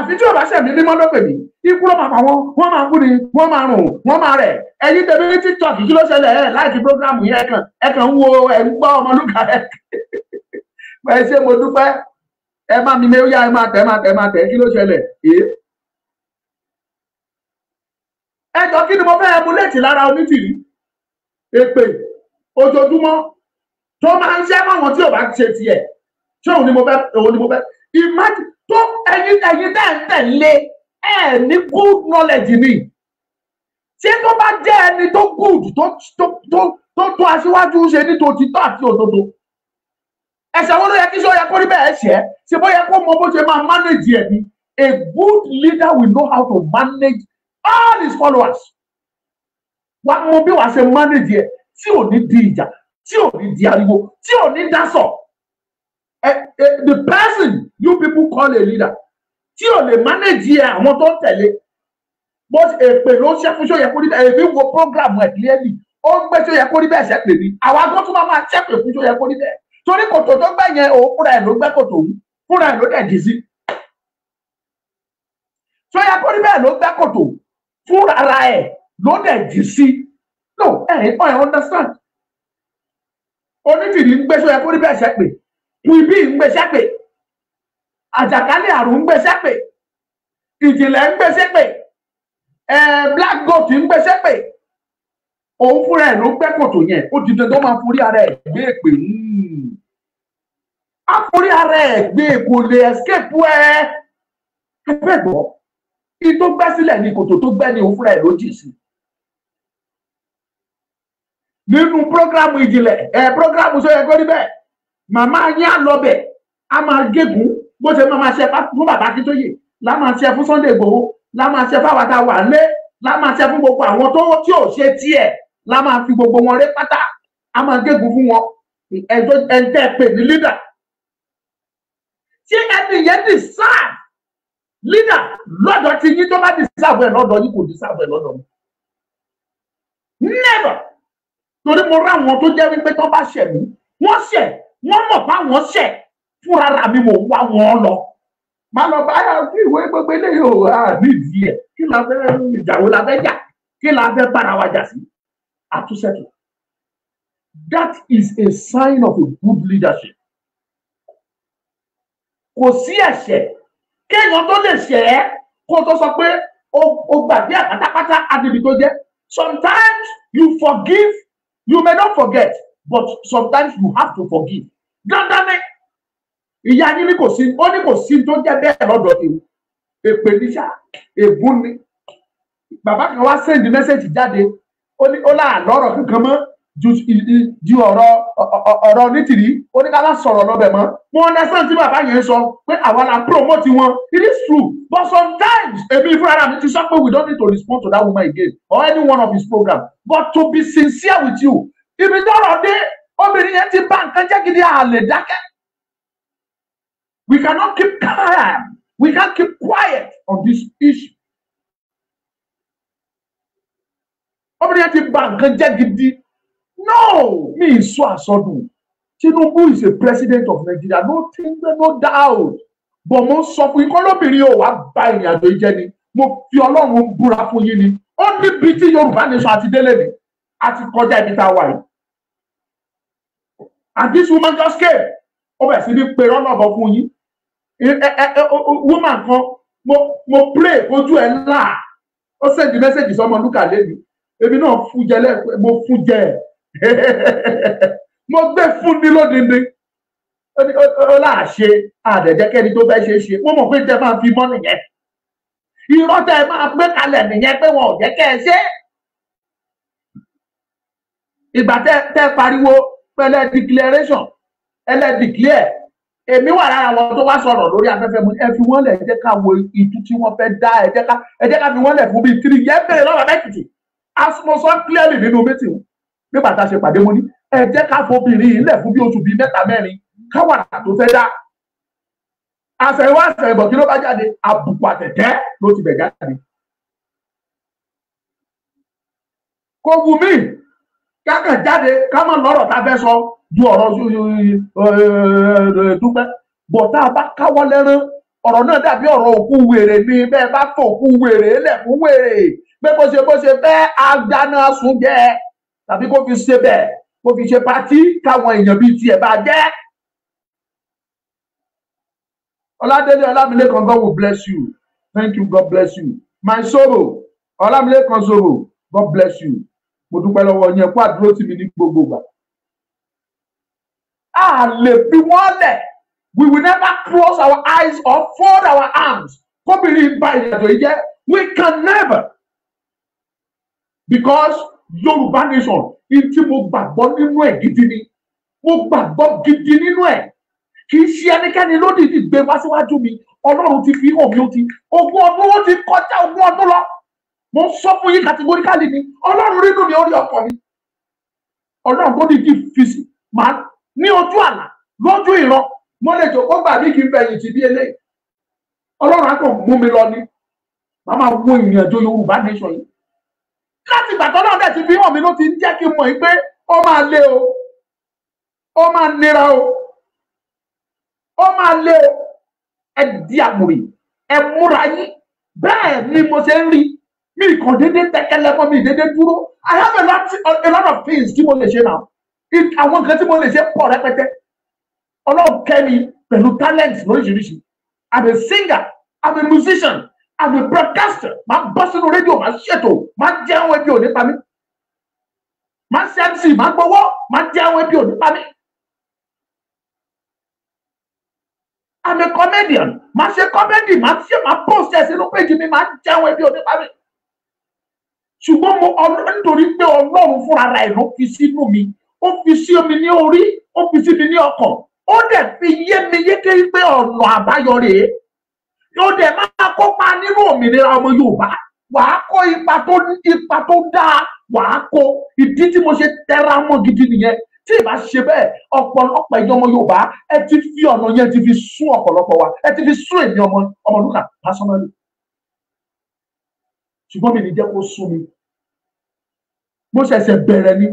àfi tí ọba ṣẹ̀mí mímọ́ ló pè mí ikú ló máa pa wọn wọn máa kú ni wọn máa rùn wọn máa rẹ̀ ẹ̀yin tẹ̀mí ní tiktok kí ló ṣẹlẹ̀ ẹ̀ láìkí programu yẹn kan ẹ kàn ń wo ẹ̀ ń gbọ́ ọmọlúkà ẹ̀ bẹ́ẹ̀ ṣe mo dúpẹ́ ẹ má mi mẹ́wíyá ẹ má tẹ̀ má tẹ̀ má tẹ̀ kí ló ṣẹlẹ̀ ẹ̀ ẹ jọ kí ni mo fẹ́ ẹ mú létí lára onítìrí èpè ojoojúmọ́ tó máa ń ṣẹ́ mọ́ àwọn tí ò bá ṣe tiẹ̀ ṣé òun ni mo fẹ́ òun ni mo fẹ́ ìmájì tó ẹ̀yin ẹ̀yin tẹ̀ ń tẹ̀lé ẹ̀ ní good knowledge ni ṣé tó bá jẹ́ ẹni tó good tó tó tó tó tó aṣíwájú ṣe ní tòtítọ́ àti òdodo ẹsẹ̀ wo ló yẹ kí ṣé ó yẹ kó rí bẹ́ẹ̀ ṣẹ́ ṣe bó yẹ kó mọ bó ṣe máa manage ẹ̀ ni a good leader will know how to manage all his followers wàá mọ bí wàá ṣe manage ẹ̀ tí ò ní di ìjà tí ò ní di ariwo tí ò ní dá the person you people call a leader tí ò lè manage ẹ àwọn tó ń tẹ̀lé but èpè ló ṣe fún ṣóyẹ kó rí bẹ́ẹ̀ èmi wo program ẹ̀ clearly ó ń gbé ṣóyẹ kó rí bẹ́ẹ̀ ṣe pè mí àwa tó tún máa máa ṣẹ́pè fún ṣóyẹ kó rí bẹ́ẹ̀ torí kòtò tó gbẹ̀ yẹn òun fúnra ẹ̀ ló gbẹ́ kòtò òun fúnra ẹ̀ ló dẹ̀ dì sí ṣóyẹ kó rí bẹ́ẹ̀ ló gbẹ́ kòtò fúnra ẹ̀ ló dẹ̀ dì sí no ẹ̀ ẹ̀ understand onídìrí ń gbéṣọ yẹ kó rí bẹ́ẹ̀ ṣẹ́pẹ̀ pípí ń gbé ṣẹ́pẹ̀ àjàkálẹ̀ àrùn ń gbé ṣẹ́pẹ̀ ìjìnlẹ̀ ń gbé ṣẹ́pẹ̀ black goat ń gbé ṣẹ́pẹ̀ òun fúnra ẹ̀ ló gbẹ́ kòtò yẹn ó di dandan máa forí ara ẹ̀ gbé èpè á forí ara ẹ̀ gbé kò lè escape ẹ ẹ fẹ́ gbọ́ kí tó gbẹ́ sílẹ̀ kòtò tó gbẹ́ ni òun fúnra ẹ̀ ló jì sí i nínú programu ìjìnlẹ̀ ẹ programu sọ yẹ kó rí bẹ́ẹ̀ màmá yín àlọbẹ a máa gégùn bó ṣe máa ṣe fún bàbá Akíntóyè la máa ṣe fún Sunday Ìgbòho la máa ṣe fáwọn tá a wà lé la máa ṣe fún gbogbo àwọn tó tí ò ṣe tiẹ̀ la máa fi gbogbo wọn ré pátá a máa gégùn fún wọn ẹjọ ẹntẹ pè ní leader tí ẹni yẹn dì sáà leader lọ́dọ̀ tí yín tó bá dì sáà bẹ́ẹ̀ lọ́dọ̀ yín kò dì sáà bẹ́ẹ̀ lọ́dọ̀ mi never torí mo rá àwọn tó jẹ́ wípé tó bá ṣẹ̀ mí wọ́n ṣẹ̀ wọ́n mọ̀ bá wọ́n ṣẹ̀ fúnra ra mi mò wá wọn lọ má lọ bá yà kí ìwé gbogbo eléyìí ò hà nídìí ẹ̀ kí la fẹ́ ìjàwó la fẹ́ jà kí la fẹ́ bára wa jà sí àtúnṣẹ́tù that is a sign of a good leadership kò sí ẹ̀ṣẹ̀ kéèyàn tó lè ṣẹ̀ ẹ́ kó tó sọ pé o gbàgbé àpátápátá adìbì sometimes you forgive You may not forget, but sometimes you have to forgive. Dáńdáńdé, ìyá yín ní kò sí, ó ní kò sí tó jẹ́ bẹ́ẹ̀ lọ́dọ̀ èwù. Èpè ní sá, ègún ni. Bàbá kan wá send message jáde, ó ní ó láà lọ́rọ̀ kankan mọ́ ju ọ̀rọ̀ ọ̀rọ̀ nítìrí oníkálá sọ̀rọ̀ lọ́bẹ̀ mọ́ mo understand tí bàbá yẹn sọ pé àwa la promote wọn it is true but sometimes èmi fúnra mi ti sọ pé we don't need to respond to that woman again or any one of his program but to be sincere with you ibi tọrọ dé obìnrin yẹn ti bá nǹkan jẹ́ gidi àlè dákẹ́ we cannot keep calm we can't keep quiet on this issue. obìnrin yẹn ti bá nǹkan jẹ́ gidi No, me is so asọdun. Tinubu is a president of Nigeria. No think no doubt. But mo sọ fún yín kọ́ lóbìnrin ò wá bá ìrìn àjò yìí jẹ́ ni. Mo fi Ọlọ́run búra fún yín ni. Ó ní bíi tí Yorùbá nation àti délé ni. A kọjá ibi tá a wà yìí. And this woman just came. Ó bẹ̀rẹ̀ sí ní pe rọ́lọ́bọ̀ fún yín. Woman kan mo pray ojú ẹ̀ ńlá. Ó send message sọmọ Lúkà lẹ́nu. Èmi náà fún jẹ lẹ́ẹ̀kọ́ mo fún jẹ ẹ̀ mo gbé fún ní lódìndí ọláàṣe àdẹ̀jẹ́kẹ́ni tó fẹ́ ṣe é ṣe wọ́n mọ̀ pé tẹ máa fi mọ́ nìyẹn irọ́ tẹ máa gbé kalẹ̀ nìyẹn pé wọn ò jẹ́ kẹ́ ẹ ṣe ìgbà tẹ tẹ pariwo pẹlẹ declaration ẹlẹ declare èmi wà lára àwọn tó wá sọ̀rọ̀ lórí afẹ́fẹ́ mu ẹ fi wọ́n lẹ̀ ẹ jẹ́ ká wo ìtú tí wọ́n fẹ́ dá ẹ jẹ́ ká ẹ jẹ́ ká fi wọ́n lẹ̀ fún bíi three yẹn bèrè lọ́wọ́ mẹ́tìtì as clearly nínú mẹ́tìtì nígbà tá a ṣe pàdé mo ní ẹ jẹ́ ká fobìnrin ilẹ̀ fún bí oṣù bíi mẹ́ta mẹ́rin káwàrà tó fẹ́ dá àṣẹwọ́ àṣẹbọ̀ kí ló bá jáde àbùkù àtẹ̀tẹ́ ló ti bẹ̀ jáde. kò wù mí kákan jáde ká mọ̀ lọ́rọ̀ tá a fẹ́ sọ ju ọ̀rọ̀ dúpẹ́ bọ̀ tá a bá káwọ́ lẹ́rán ọ̀rọ̀ náà dàbí ọ̀rọ̀ òkú wèrè ni bẹ́ẹ̀ bá fò òkú wèrè lẹ̀ fún wèrè pé bó ṣe bó ṣe fẹ́ agbaná jẹ́ ẹ tàbí kó fi ṣe bẹ́ẹ̀ kó fi ṣe patí káwọn èèyàn bíi tiẹ̀ bá jẹ́. Ọládélé Ọlámilékan God will bless you thank you God bless you my sorrow Ọlámilékan sorrow God bless you mo dúpẹ́ lọ́wọ́ yẹn kó àdúró tì mí ní gbogbo gbà. A lè fi wọ́n lẹ̀ we will never close our eyes or fold our arms kóbìnrin ba ìrìnàjò yìí jẹ́ we can never because yorùbá nation tí mo gbàgbọ́ nínú ẹ̀ gidi ni mo gbàgbọ́ gidi nínú ẹ̀ kì í ṣe ẹnikẹ́ni lódìdí gbé wá síwájú mi ọlọ́run ti fi hàn mí ó ti ogún ọdún ó ti kọjá ogún ọdún lọ mo sọ fún yín kàtìgóríkàlì ni ọlọ́run rínú mi orí ọkọ mi ọlọ́run tó dìdí fi sí màá ní ojú àlà lójú ìran mo lè jò ó gbà bí kí n bẹ̀yìn tì bí eléyìí ọlọ́run á kàn mú mi lọ ni màá máa wo ìrìn yorùbá nation yìí tọ́lá dẹ̀ ti fi hàn mí ló ti ń jẹ́ kí n mọ̀ pé ó máa le o ó máa nira o ó máa le o ẹ di àmùrè ẹ múra yín bẹ́ẹ̀ ni mo ṣe ń rí mi kàn déédéé tẹ́kẹ́lẹ́ mọ́ mi déédéé dúró I have a lot, a lot of things tí mo lè ṣe náà àwọn nǹkan tí mo lè ṣe pọ̀ rẹpẹtẹ ọlọ́run kẹ́mi pẹ̀lú talent lóríṣiríṣi I'm a singer I'm a musician I'm a broadcaster máa bọ́ sínú rédíò máa ṣètò máa jẹ àwọn ẹbí òní pa mí máa ṣe mc máa gbowó máa jẹ àwọn ẹbí òní pa mí i'm a comedian máa ṣe comedy máa ṣe máa post ẹ sínú péjì mi máa jẹ àwọn ẹbí òní pa mí ṣùgbọ́n mo nítorí pé ọlọ́run fúnra rẹ̀ ló fi sínú mi ó fi sí omi ní orí ó fi sí mi ní ọkàn ó dẹ̀ fi yé mi yéké pé ọ̀nà àbáyọ rèé ó dẹ̀ máa kópa nínú òmìnira ọmọ yorùbá wàá kó ipa tó ipa tó dáa wàá kó ìdí tí mo ṣe tẹra mọ́ gidi nìyẹn tí ìbá ṣe bẹ́ẹ̀ ọ̀pọ̀lọpọ̀ ẹ̀yin ọmọ Yorùbá ẹ ti fi ọ̀nà yẹn ti fi sún ọ̀pọ̀lọpọ̀ wa ẹ ti fi sún èmi ọmọ Ọmọlúkà personally ṣùgbọ́n mi ní jẹ́ kó sún mi mo ṣẹ̀ṣẹ̀ bẹ̀rẹ̀ ni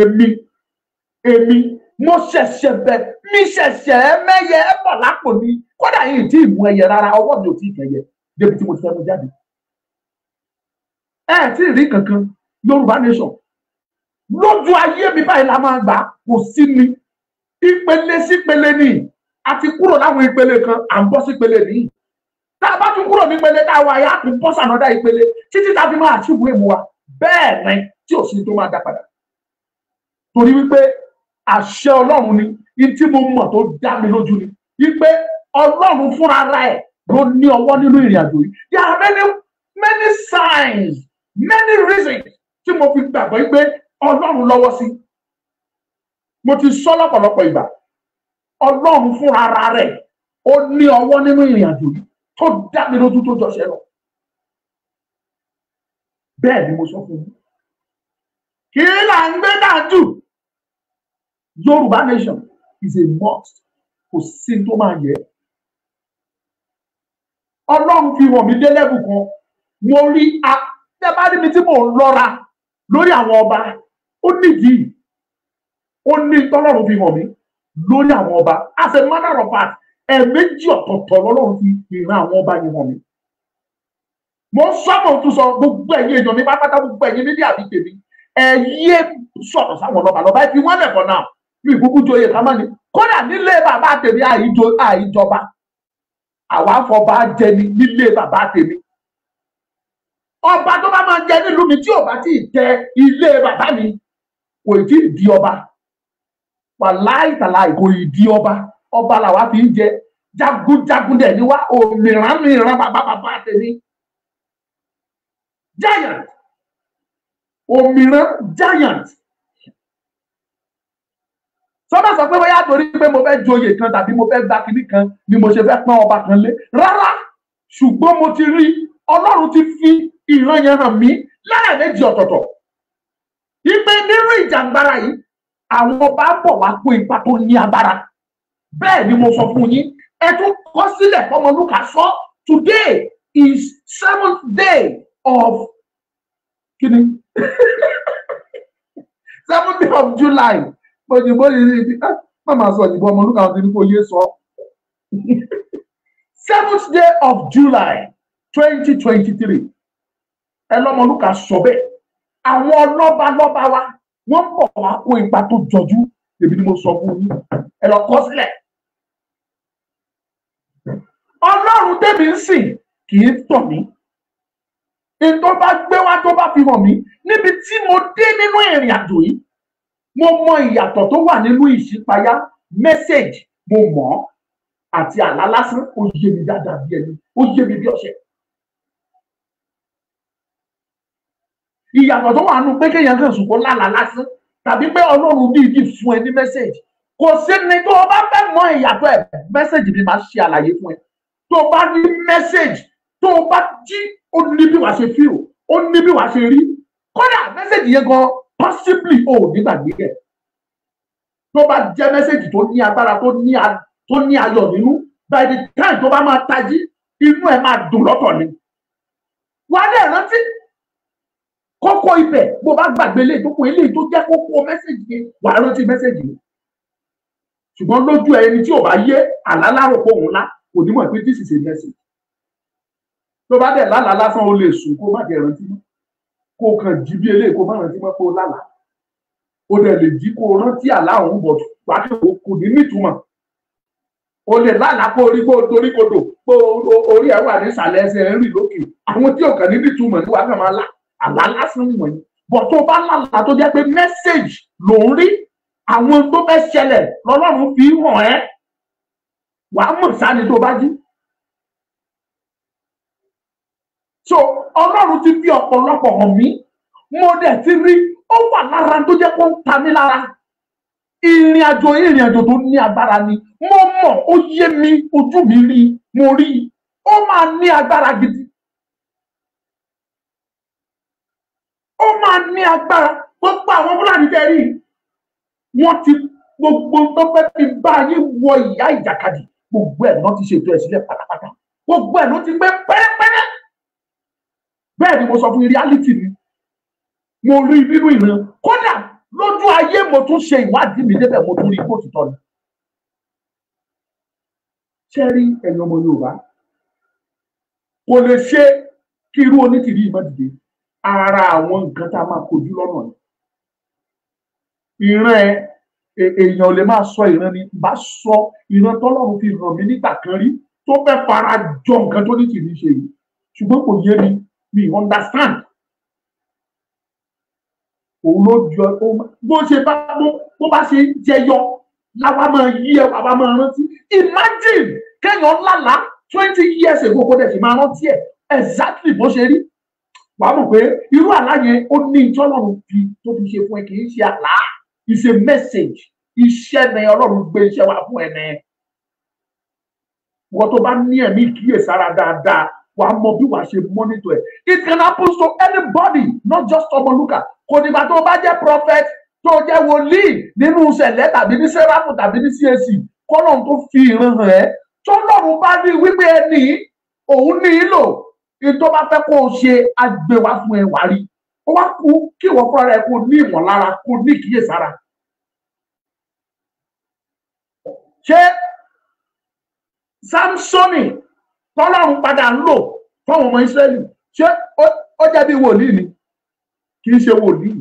èmi èmi mo ṣẹ̀ṣẹ̀ bẹ̀ mi ṣẹ̀ṣẹ̀ mẹ́yẹ ẹ̀ bọ̀ kódà yìí tí ì mú ẹyẹ rárá ọwọ́ mi ò tí ì kẹyẹ débi tí mo ti fẹ́ mú jáde ẹ ẹ tí ì rí kankan yorùbá nation lójú ayé mi báyìí la máa gbà kò sí ni ìpele sípele ni a ti kúrò láwọn ìpele kan à ń bọ́ sípele nìyí tá a bá tún kúrò nípele tá a wà yá tún bọ́ sànádà ìpele títí tá a fi máa àtìwé mu wa bẹ́ẹ̀ ni tí ò sí tó máa dá padà torí wípé àṣẹ ọlọ́run ni ní tí mo mọ̀ tó dá mi lójú ni wípé ọlọ́run fúnra rẹ̀ ló ní ọwọ́ nínú ìrìn àjò yìí there are many many signs many reasons tí mo fi gbàgbọ́ pé ọlọ́run lọ́wọ́ sí mo ti sọ lọ́pọ̀lọpọ̀ ìgbà ọlọ́run fúnra ara rẹ̀ ó ní ọwọ́ nínú ìrìn àjò yìí tó dá mi lójú tó jọṣẹ́ lọ bẹ́ẹ̀ ni mo sọ fún yín kí là ń gbé náà jù Yorùbá nation is a must kò sí tó máa yẹ ọlọ́run fi hàn mí dé lẹ́bù kan mo rí apá tẹ bá rí mi tí mò ń lọ́ra lórí àwọn ọba ó nídìí ó ní tọ́lọ́run fi hàn mí lórí àwọn ọba as a matter of fact ẹ̀ẹ̀mejì ọ̀tọ̀ọ̀tọ̀ lọ́lọ́run fi ìran àwọn ọba yìí hàn mí mo ń sọ́mọ̀ tún sọ gbogbo ẹ̀yin èèyàn mi pátápátá gbogbo ẹ̀yin nílé àbí tèmi ẹ̀yẹ sọ̀rọ̀ sáwọn lọ́ba lọ́ba ẹ fi wọ́n lẹ̀ for now ìkúkú joyè ká má ní kódà nílé bàbá tèmi àìjọba àwa fọba jẹni nílé bàbá tèmi ọba tó bá máa jẹ nílùú mi tí ò bá tí ì jẹ ilé bàbá mi kò tí ì di ọba wàláì tàláì kò ì di ọba ọba làwa fi ń jẹ jagunjagun dẹ̀ ni wá òmìrán mìíràn bàbá bàbá tèmi giant òmìrán giant sọ́dọ̀ sọ pé bóyá torí pé mo fẹ́ joyè kan tàbí mo fẹ́ gba kinní kan ni mo ṣe fẹ́ pọ́n ọba kan lé rárá ṣùgbọ́n mo ti rí ọlọ́run ti fi ìran yẹn hàn mí lẹ́ẹ̀mejì ọ̀tọ̀ọ̀tọ̀ ìpè nínú ìjàngbara yìí àwọn ọba bọ̀ wá kó ipa tó ní agbára bẹ́ẹ̀ ni mo sọ fún yín ẹ tún kọ́ sílẹ̀ kọ́mọlúkà sọ today is seventh day of kini seventh day of July òyìnbó yìí ni màmá sọ òyìnbó ọmọlúkà ọdún ní kò yé sọ seventh day of July twenty twenty three ẹlọ́mọlúkà sọ bẹ́ẹ̀ àwọn lọ́ba lọ́ba wa wọ́n ń bọ̀ wá kó ipa tó jọjú èmi ni mo sọ fún yín ẹ lọ kọ sílẹ̀ ọlọ́run tèmi ń sìn kì í tọ̀ mí ètò bá gbé wá tó bá fi hàn mí níbi tí mo dé nínú ìrìn àjò yìí mo mọ ìyàtọ̀ tó wà nínú ìṣípayá mẹ́sẹ̀gì mo mọ̀ ọ́ àti àlá lásán ó yé mi dáadáa bí ẹni ó yé mi bí ọṣẹ ìyàtọ̀ tó wà nù pé kéèyàn kàn sùn kó lálàá lásán tàbí pé ọlọ́run dìídì fún ẹ ní mẹ́sẹ̀gì kò sí ni tó o bá fẹ́ mọ ìyàtọ̀ ẹ̀ mẹ́sẹ̀gì mi máa ṣe àlàyé fún ẹ tó o bá ní mẹ́sẹ̀gì tó o bá jí ó ní bí wàá ṣe fí o ó ní bí wàá ṣe rí kódà mẹ́sẹ̀gì yẹn gan possibly o ò nígbàgbé ẹ̀ tó bá jẹ́ mẹ́sẹ̀gì tó ní agbára tó ní tó ní ayọ̀ nínú by the time tó bá máa tají inú ẹ̀ máa dùn lọ́tọ̀ ni wàá dẹ̀ rántí kọ́kọ́ ibẹ̀ bó bá gbàgbé eléyìí tó kù eléyìí tó jẹ́ kókó mẹ́sẹ̀gì yẹn wà á rántí mẹ́sẹ̀gì yẹn ṣùgbọ́n lójú ẹni tí ò bá yé àlálárò kó òun lá kò ní mọ̀ pé this is a message tó bá dẹ̀ lálàá lásán o lè sùn kó má jẹ rántí mọ́ kó kàn jí bí eléyìí kó má rántí mọ́ kó lálàá o dẹ̀ lè jí kó rántí àlá òun bọ̀ pàtó kò ní nítumọ̀ o lè lálàá kó orí kó torí kodò kó orí ẹ̀ wà ní ìsàlẹ̀ ẹsẹ̀ ń lókè àwọn tí ò kàn ní nítumọ̀ ni wàá kàn máa lá àlá lásán wọ̀nyí bọ̀ tó bá lálàá tó jẹ́ pé mẹ́sẹ̀gì ló ń rí àwọn tó fẹ́ ṣẹlẹ̀ lọ́lọ́run fi hàn ẹ́ wàá mọ̀ sáni tó bá jí. so ọlọ́run ti fi ọ̀pọ̀lọpọ̀ hàn mí mo dẹ̀ ti rí ó wà lára tó jẹ́ kó ń ta mí lára ìrìn àjò ìrìn àjò tó ní agbára ni mo mọ̀ ó yé mi ojú mi rí mo rí ó máa ní agbára gidi ó máa ní agbára gbogbo àwọn fúlàní tẹrí wọn ti gbogbo tó fẹ́ fi bá yín wọ ìyá ìjàkadì gbogbo ẹ̀ náà ti ṣètò ẹ̀ sílẹ̀ pátápátá gbogbo ẹ̀ ló ti gbé pẹ́rẹ́pẹ́rẹ́ bẹ́ẹ̀ ni mo sọ fún reality ni mo rí nínú ìran kódà lójú ayé mo tún ṣe ìwádìí mi débẹ̀ mo tún rí kó ti tọ́ ni. sẹ́rí ẹ̀yin ọmọ Yorùbá kò lè ṣe kí irú onítìrí ìmọ̀ dìde ara àwọn nǹkan tá a máa kojú lọ́nà ni ìran ẹ e-, èèyàn lè máa sọ ìran ni bá sọ ìran tọ́lọ́run fi hàn mí nígbà kan rí tó fẹ́ fara jọ nǹkan tó ní tìrí ṣe yìí ṣùgbọ́n kò yé mi mi understand òun ló jọ bó ṣe bá bó bá ṣe jẹyọ láwa máa yí ẹ bàbá máa rántí imagine kẹyàn lálàá twenty years ago kó dẹ̀ sì máa rántí ẹ exactly bó ṣe rí wàá mọ̀ pé irú àlá yẹn ó ní ìtọ́lọ́run fi tó fi ṣe fún ẹ kì í ṣe àlá it's a message iṣẹ́ ni ọlọ́run gbé iṣẹ́ wa fún ẹ nẹ wọ́n tó bá ní ẹ̀mí ìkíyèsára dáadáa wàá mọ bí wàá ṣe mọ́nítọ̀ ẹ̀ it can happen to anybody not just ọmọlúkà kò nígbà tó bá jẹ́ prophet tó jẹ́ wòlíì nínú sẹ̀lẹ̀ tàbí ní sẹ́ráfù tàbí ní CAC kọ́lọ́run tó fi ìran hàn ẹ́ tọ́lọ́run bá rí wípé ẹni òun ní í lò ìtọ́ bá fẹ́ kó o ṣe agbèwá fún ẹ wá rí ó wá kú kí ìwọ fúnra rẹ kó ní ìmọ̀lára kó ní ìkíyèsára. ṣé samsoni tọ́lọ́run padà ń lò fáwọn ọmọ Ísírẹ́lì ṣé ó jẹ́ bí wòlíì ni kì í ṣe wòlíì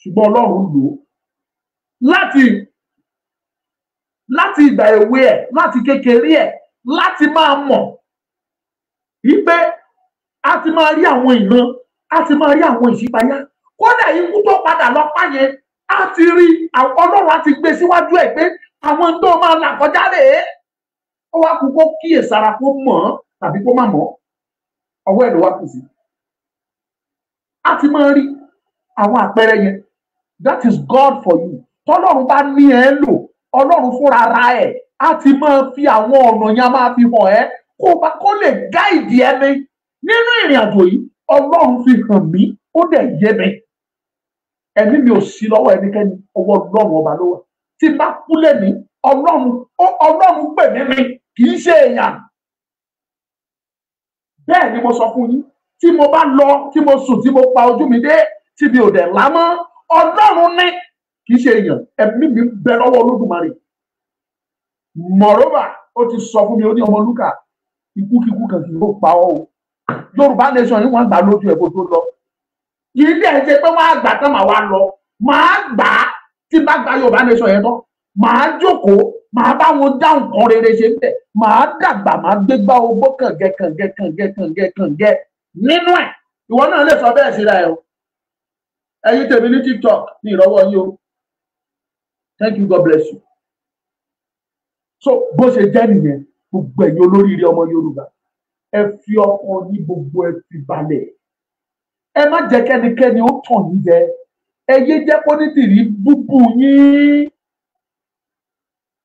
ṣùgbọ́n Ọlọ́run lò ó láti láti ìgbà èwe ẹ̀ láti kékeré ẹ̀ láti máa mọ̀ wípé a ti máa rí àwọn ìran a ti máa rí àwọn ìṣípayá kódà ikú tó padà lọ pa yẹn a ti rí ọlọ́run a ti gbé síwájú ẹ̀ pé àwọn tó máa là kọjá rèé ó wá kú kó kíyèsára kó mọ̀ ọ́ tàbí kó má mọ̀ ọ́ ọwọ́ ẹ̀ ló wá kù sí a ti máa rí àwọn àpẹẹrẹ yẹn that is God for you tọ́lọ́run bá ní ẹ lò ọlọ́run fúnra ra ẹ̀ á ti máa fi àwọn ọ̀nà yẹn á máa fi hàn ẹ́ kó bá kó lè gáìdì ẹni nínú ìrìn àjò yìí ọlọ́run fi hàn mí ó dẹ̀ yé mi ẹ̀mí mi ò sí lọ́wọ́ ẹnikẹ́ni ọwọ́ ọlọ́run ọba ló wà tí bá kú lẹ́mí ọlọ́run ọlọ́run pè mí mi kì í ṣe èèyàn bẹ́ẹ̀ ni mo sọ fún yín tí mo bá lọ tí mo sùn tí mo pa ojú mi dé tí mi ò dẹ̀ lámọ́ ọlọ́run ní kì í ṣe èèyàn ẹ̀mí mi bẹ lọ́wọ́ olódùmarè moreover ó ti sọ fún mi ó ní ọmọ lúkà ikúkíkú kan kì yóò pa ọ́ o yorùbá nation yìí wọ́n gbà lójú ẹ̀ kó tó lọ kì í dẹ̀ ṣe pé wọ́n á gbà tán màá wá lọ màá gbà á tí bá gba yorùbá nation yẹn tán màá jókòó màá bá wọn dáhùn kan rere ṣe ń bẹ̀ màá dàgbà màá gbégbá ogbó kàngẹ́ kàngẹ́ kàngẹ́ kàngẹ́ kàngẹ́ nínú ẹ̀ ìwọ náà lè sọ bẹ́ẹ̀ síra ẹ o ẹ̀yin tèmi ní tiktok ní ìrọwọ́ yín o thank you god bless you so bó ṣe jẹ́ nìyẹn gbogbo ẹ̀yin olóríire ọmọ yorùbá ẹ fi ọkàn ní gbogbo ẹ fi balẹ̀ ẹ má jẹ́ kẹ́nikẹ́ni ó tàn yín jẹ ẹ yé jẹ́ kó nídìrí búbù yín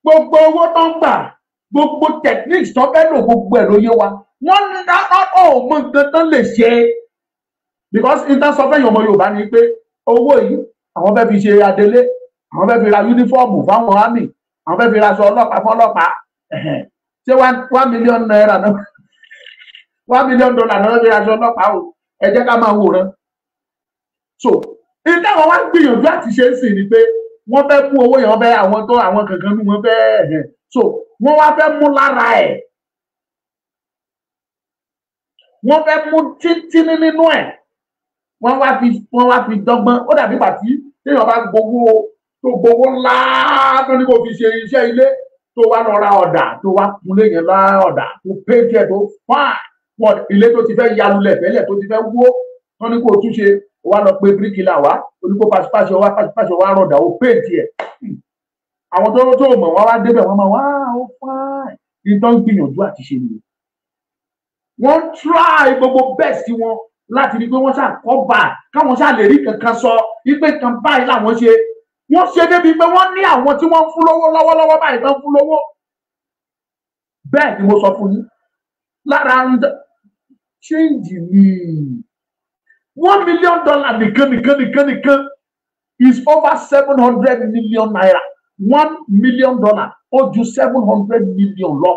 gbogbo owó tó ń gbà gbogbo techniques tó fẹ́ lò gbogbo ẹ̀ ló yé wa wọ́n ń dá ọ́ mọ nǹkan tán lè ṣe because intan sọ fẹ́yìn ọmọ yorùbá ni pé owó yìí àwọn fẹ́ fi ṣe adélé àwọn fẹ́ fi ra yúnífọ́ọ̀mù fáwọn ámì àwọn fẹ́ fi ra aṣọ ọlọ́pàá fún ọlọ́pàá ṣé one million naira náà one million dollar náà lè aṣọ ọlọ́pàá o ẹ jẹ́ ká máa wòran so ìdá wọn wá gbìyànjú àti ṣe é sì ni pé wọ́n fẹ́ mú owó yẹn wọ́n fẹ́ àwọn tó àwọn kankan nù wọ́n fẹ́ ẹhẹ so wọ́n wá fẹ́ mú lára ẹ̀ wọ́n fẹ́ mú títí nínú ẹ̀ wọ́n wá fi wọ́n wá fi dọ́gbọ́n ó dàbí pàtí téèyàn bá gbowó tó gbowó ńlá tó ní kò fi ṣe iṣẹ́ ilé tó wá lọ ra ọ̀dà tó wá kun lé yẹn lọ ọ̀dà tó péjẹ tó fáì wọn ilé tó ti fẹ́ yalulẹ̀ tẹ́lẹ̀ tó ti fẹ́ wó wọn ní kó o túnṣe wá lọ pé bíríkìlà wá oníkó pàṣípàṣọ wá pàṣípàṣọ wá rọ̀dà ó péjì ẹ̀ àwọn tó tó mọ̀ wá wá débẹ̀ wọ́n máa wá ó fáì nítorí wọ́n gbìyànjú àti ṣe nìyẹn wọ́n try gbogbo best wọn láti rí i pé wọ́n ṣàkọ́bà káwọn ṣàlè rí kankan sọ wípé kan báyìí làwọn ṣe wọ́n ṣe débi pé wọ́n ní àwọn tí wọ́n ń fún lówó lọ́wọ́lọ́wọ́ báyìí wọ́n ń fún lówó bẹ́ẹ̀ ni mo sọ fún yín lára ń ṣéǹjì ni one million dollar nìkan nìkan nìkan nìkan is over seven hundred million naira one million dollar ó ju seven hundred million lọ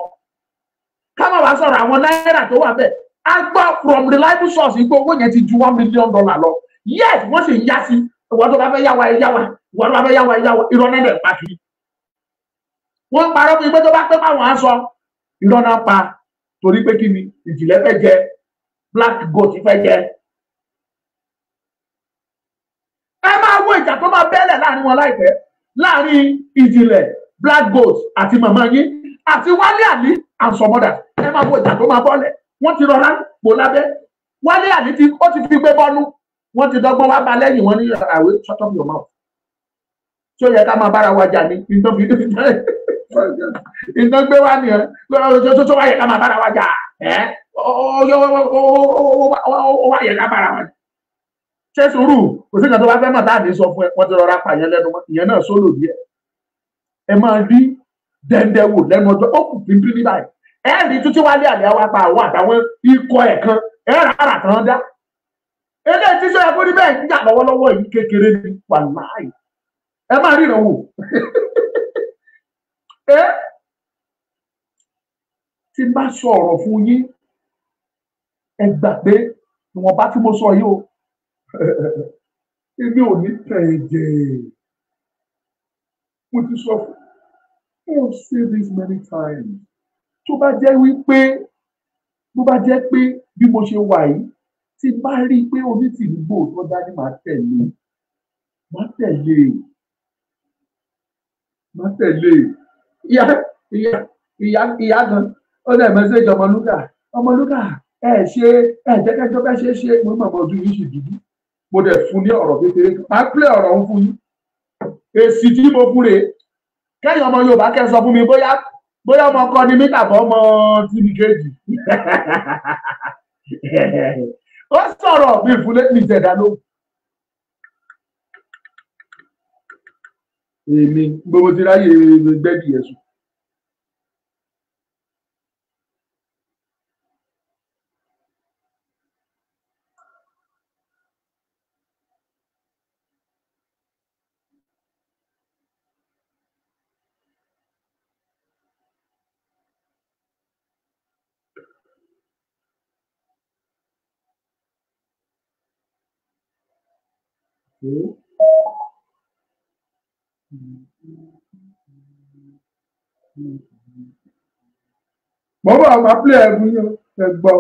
ká má wàá sọ̀rọ̀ àwọn náírà tó wà bẹ́ẹ̀ a gbọ́ from reliable source ìgbà owó yẹn ti ju one million dollar lọ yes wọ́n sì ń yá sí i ìwọ tó bá fẹ́ yá wa ẹ yá wa ìwọ tó bá fẹ́ yá wa ẹ yá wa irọ́ náà dẹ̀ pa kiri wọ́n parọ́ fún ipé tó bá pé báwọn á sọ irọ́ náà pa torí pé kí ni ìjìnlẹ̀ fẹ́ jẹ black goat fẹ́ jẹ ẹ máa wo ìjà tó máa bẹ́lẹ̀ láàrin wọn láìpẹ́ láàrin ìjìnlẹ̀ black goat àti màmá yín àti wálé àlí and some others ẹ máa wo ìjà tó máa bọ́lẹ̀ wọ́n ti rọra pò lábẹ́ wálé àlí ó ti fi gbé bọ́nú wọ́n ti dọ́gbọ́n wá ba lẹ́yìn wọn ní àwé shut up your mouth tí ó yẹ ká máa bára wa jà ní nǹkan fi nǹkan gbé wá nìyẹn tó tó wá yẹ ká máa bára wa jà ẹ́ ó wá yẹ ká bára wa jà ṣé sùúrù kò sí nǹkan tó bá fẹ́ mọ̀ táàdì sọ fún ẹ wọ́n ti rọra pa ìyẹn lẹ́nu mọ́ ìyẹn náà sólò díẹ̀ ẹ máa rí dẹ́ndẹ́wò lẹ́nu ọjọ́ ó kù pínpín ní báyìí ẹ̀ẹ́dì tútí wálé àlẹ́ wa pa àwọn àtàwọn ikọ̀ ẹ̀ kan ẹ̀ẹ́rà àrà tán dá eléyìí tí sọyà bóni bẹ́ẹ̀ ń jà lọ́wọ́lọ́wọ́ yìí kékeré ní wàláì ẹ máa ríran wò ẹ tí n sọ ọ̀rọ̀ fún yín ẹ gbà pé ìwọ̀nba tí mo sọ yìí o èmi ò ní tẹ̀ ẹ́ jẹ́ mo ti sọ fún you have said this many times tó bá jẹ́ wípé tó bá jẹ́ pé bí mo ṣe wà yìí tí bá rí i pé onítìrúgbò tó dání máa tẹ̀lé máa tẹ̀lé máa tẹ̀lé ìyá ìyá ìyá ìyá gan ó dẹ̀ mẹ́sẹ̀jì ọmọ lúkà ọmọ lúkà ẹ ṣe ẹ jẹ́kẹ́jọ́ bá ṣe é ṣe mo mọ̀ mọ́ ojú yìí sì dúdú mo dẹ̀ fún ní ọ̀rọ̀ kékeré máa pílẹ̀ ọ̀rọ̀ ń fún yín èsì tí mo fún rèé kẹ́yìn ọmọ Yorùbá kẹ́ sọ fún mi bóyá bóyá ọmọ kọ́ ni mí tàbí ọmọ tí mi ó sọ̀rọ̀ mi ìfúnlé mi ìjẹ̀dá ló. èmi gbogbo ti ráyè gbẹ́dì ẹ̀sùn. Okay. Mo bá ma play ẹ̀gún yín ẹ gbọ́.